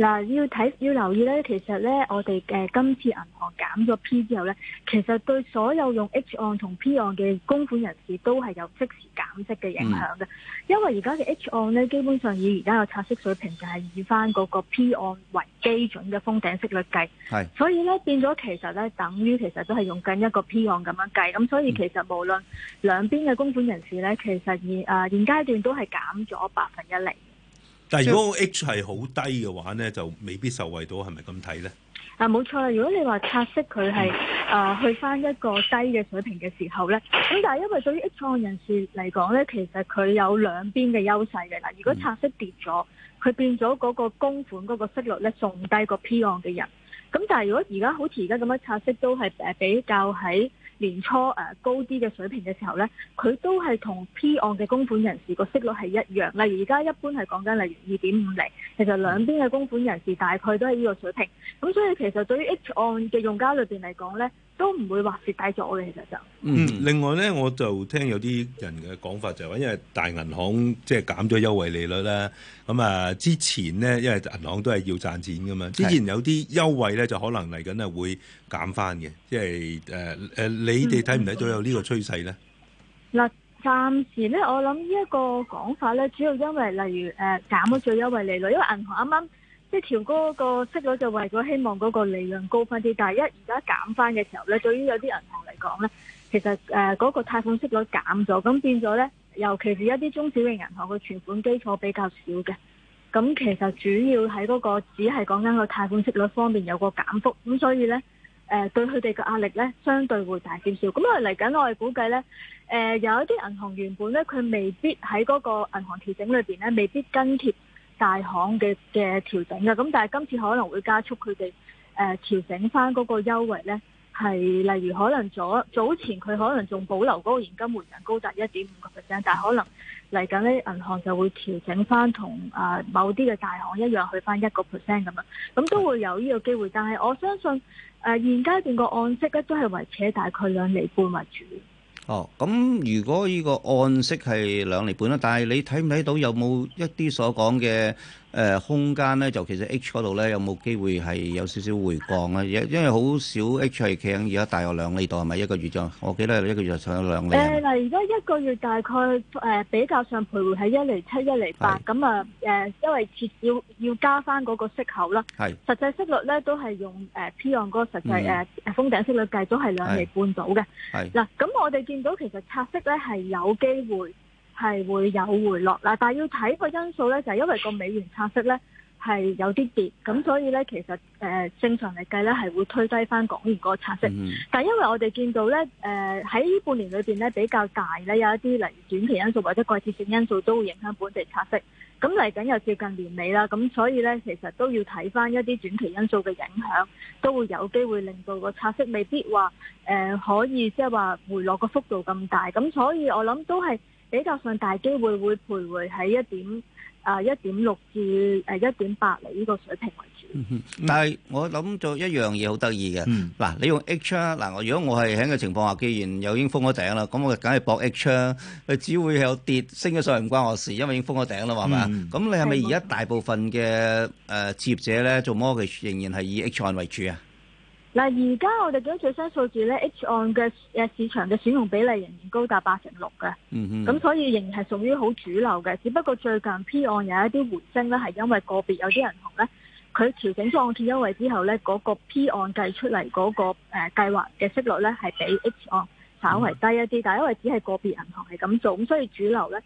嗱，要睇要留意咧，其實咧，我哋誒今次銀行減咗 P 之後咧，其實對所有用 H 按同 P 按嘅供款人士都係有即時減息嘅影響嘅，嗯、因為而家嘅 H 按咧，基本上以而家嘅拆息水平就係以翻嗰個 P 按為基準嘅封頂息率計，係是，所以咧變咗其實咧，等於其實都係用緊一個 P 按咁樣計，咁所以其實無論兩邊嘅供款人士咧，其實現誒、呃、現階段都係減咗百分一零。但係如果 H 係好低嘅話咧，就未必受惠到，係咪咁睇咧？啊，冇錯。如果你話拆息佢係啊去返一個低嘅水平嘅時候咧，咁但係因為對於 H 按人士嚟講咧，其實佢有兩邊嘅優勢嘅。嗱，如果拆息跌咗，佢變咗嗰個供款嗰個息率咧，仲低過 P 按嘅人。咁但係如果而家好似而家咁樣拆息都係誒比較喺。年初誒高啲嘅水平嘅時候呢，佢都係同 P 案嘅供款人士個息率係一樣，例如而家一般係講緊例如二點五零，其實兩邊嘅供款人士大概都係呢個水平。咁所以其實對於 H 案嘅用家裏邊嚟講呢。都唔會話跌低咗嘅，其實就嗯。另外咧，我就聽有啲人嘅講法就係話，因為大銀行即係減咗優惠利率啦。咁啊之前咧，因為銀行都係要賺錢噶嘛，之前有啲優惠咧，就可能嚟緊啊會減翻嘅。即係誒誒，你哋睇唔睇到有呢個趨勢咧？嗱、嗯嗯嗯嗯呃，暫時咧，我諗呢一個講法咧，主要因為例如誒、呃、減咗最優惠利率，因為銀行啱啱。即係調高個息率，就為咗希望嗰個利潤高翻啲。但係一而家減翻嘅時候咧，對於有啲銀行嚟講咧，其實誒嗰個貸款息率減咗，咁變咗咧，尤其是一啲中小型銀行嘅存款基礎比較少嘅，咁其實主要喺嗰個只係講緊個貸款息率方面有個減幅，咁所以咧，誒對佢哋嘅壓力咧，相對會大少少。咁啊嚟緊，我哋估計咧，誒有一啲銀行原本咧，佢未必喺嗰個銀行調整裏邊咧，未必跟貼。大行嘅嘅調整嘅，咁但係今次可能會加速佢哋誒調整翻嗰個優惠呢，係例如可能早早前佢可能仲保留嗰個現金回贈高達一點五個 percent，但係可能嚟緊咧銀行就會調整翻同啊某啲嘅大行一樣去翻一個 percent 咁啊，咁、嗯、都會有呢個機會。但係我相信誒、呃、現階段個按息咧都係維持喺大概兩厘半為主。哦，咁如果依個按息係兩厘半啦，但係你睇唔睇到有冇一啲所講嘅？誒空間咧就其實 H 嗰度咧有冇機會係有少少回降咧？因為好少 H 係企喺而家大約兩釐度，係咪一個月就？我記得一個月上咗兩釐。誒嗱，而家一個月大概誒比較上徘徊喺一釐七、一釐八咁啊，誒，因為要要加翻嗰個息口啦。係實際息率咧都係用誒 P 按嗰個實際誒封頂息率計咗係兩釐半到嘅。係嗱，咁我哋見到其實拆息咧係有機會。係會有回落嗱，但係要睇個因素咧，就係、是、因為個美元拆息咧係有啲跌，咁所以咧其實誒、呃、正常嚟計咧係會推低翻港元嗰個拆息。嗯、但係因為我哋見到咧誒喺呢、呃、半年裏邊咧比較大咧有一啲例如短期因素或者季節性因素都會影響本地拆息。咁嚟緊又接近年尾啦，咁所以咧其實都要睇翻一啲短期因素嘅影響，都會有機會令到個拆息未必話誒、呃、可以即係話回落個幅度咁大。咁所以我諗都係。比較上大機會會徘徊喺一點啊、一點六至誒一點八厘呢個水平為主。嗯嗯，但係我諗做一樣嘢好得意嘅。嗯。嗱，你用 H 按，嗱，如果我係喺個情況下，既然又已經封咗頂啦，咁我梗係搏 H 按，佢只會有跌，升咗上唔關我事，因為已經封咗頂啦，係咪啊？咁你係咪而家大部分嘅誒業者咧做 mortgage 仍然係以 H 按為主啊？嗱，而家我哋見到最新數字咧，H 按嘅誒市場嘅選用比例仍然高達八成六嘅，咁、mm hmm. 所以仍然係屬於好主流嘅。只不過最近 P 按有一啲回升咧，係因為個別有啲銀行咧，佢調整咗按揭優惠之後咧，嗰、個 P 按計出嚟嗰、個誒計劃嘅息率咧係比 H 按稍為低一啲，mm hmm. 但係因為只係個別銀行係咁做，咁所以主流咧。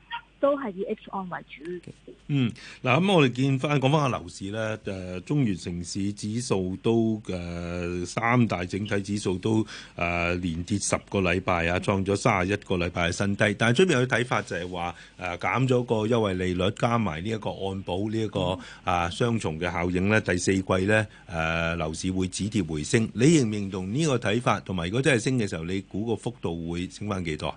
都係以 H 按為主嘅。嗯，嗱咁我哋見翻講翻下樓市咧，誒、呃、中原城市指數都誒、呃、三大整體指數都誒、呃、連跌十個禮拜啊，創咗三十一個禮拜嘅新低。但係出邊有啲睇法就係話誒減咗個優惠利率，加埋呢一個按保呢、這、一個啊雙重嘅效應咧，第四季咧誒、呃、樓市會止跌回升。你認唔認同呢個睇法？同埋如果真係升嘅時候，你估個幅度會升翻幾多？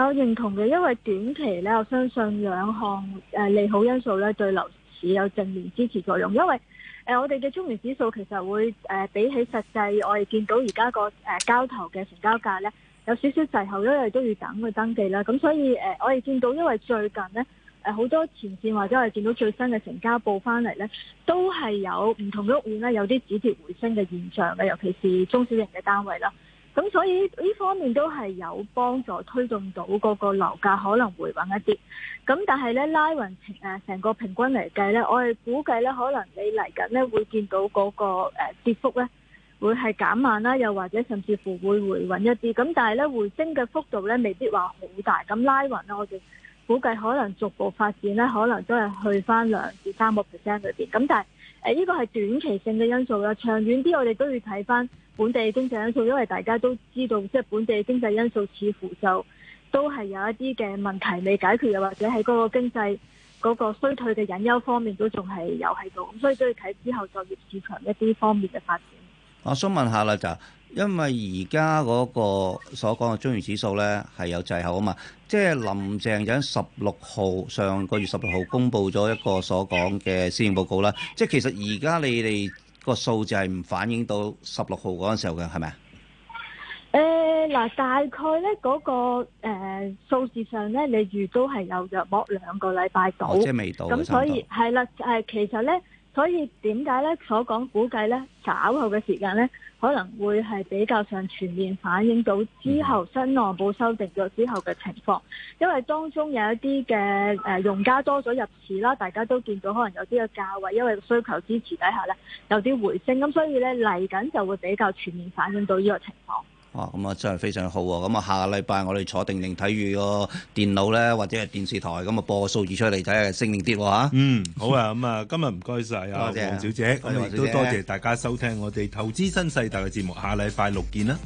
我認同嘅，因為短期咧，我相信兩項誒利好因素咧，對樓市有正面支持作用。因為誒、呃，我哋嘅中原指數其實會誒、呃、比起實際，我哋見到而家、那個誒、呃、交投嘅成交價咧，有少少滯後，因為都要等佢登記啦。咁所以誒、呃，我哋見到因為最近咧誒好多前線或者我哋見到最新嘅成交報翻嚟咧，都係有唔同嘅屋苑咧有啲止跌回升嘅現象嘅，尤其是中小型嘅單位啦。咁所以呢方面都係有幫助推動到嗰個樓價可能回穩一啲，咁但係咧拉勻平誒成個平均嚟計咧，我哋估計咧可能你嚟緊咧會見到嗰個誒跌幅咧會係減慢啦，又或者甚至乎會回穩一啲，咁但係咧回升嘅幅度咧未必話好大，咁拉勻咧我哋估計可能逐步發展咧，可能都係去返兩至三個 percent 裏面，咁但誒，呢個係短期性嘅因素啦，長遠啲我哋都要睇返本地經濟因素，因為大家都知道，即係本地經濟因素似乎就都係有一啲嘅問題未解決，又或者喺嗰個經濟嗰個衰退嘅隱憂方面都仲係有喺度，咁所以都要睇之後就業市場一啲方面嘅發展。我想問下啦，就。因為而家嗰個所講嘅中原指數咧係有滯後啊嘛，即係林鄭喺十六號上個月十六號公布咗一個所講嘅施政報告啦，即係其實而家你哋個數字係唔反映到十六號嗰陣時候嘅係咪啊？誒嗱、呃呃，大概咧嗰、嗰個誒數、呃、字上咧，你預都係有約莫兩個禮拜到，即係未到咁度，所以係啦，誒其實咧，所以點解咧所講估計咧稍後嘅時間咧？可能會係比較上全面反映到之後新按保修訂咗之後嘅情況，因為當中有一啲嘅誒用家多咗入市啦，大家都見到可能有啲嘅價位，因為需求支持底下呢有啲回升，咁所以呢嚟緊就會比較全面反映到呢個情況。哦，咁啊真係非常好啊！咁啊下個禮拜我哋坐定定睇住個電腦咧，或者係電視台咁啊播個數字出嚟睇下，升定跌喎吓，嗯，好啊，咁 啊今日唔該晒啊黃小姐，咁亦都多謝大家收聽我哋投資新世代嘅節目，下禮拜六見啦。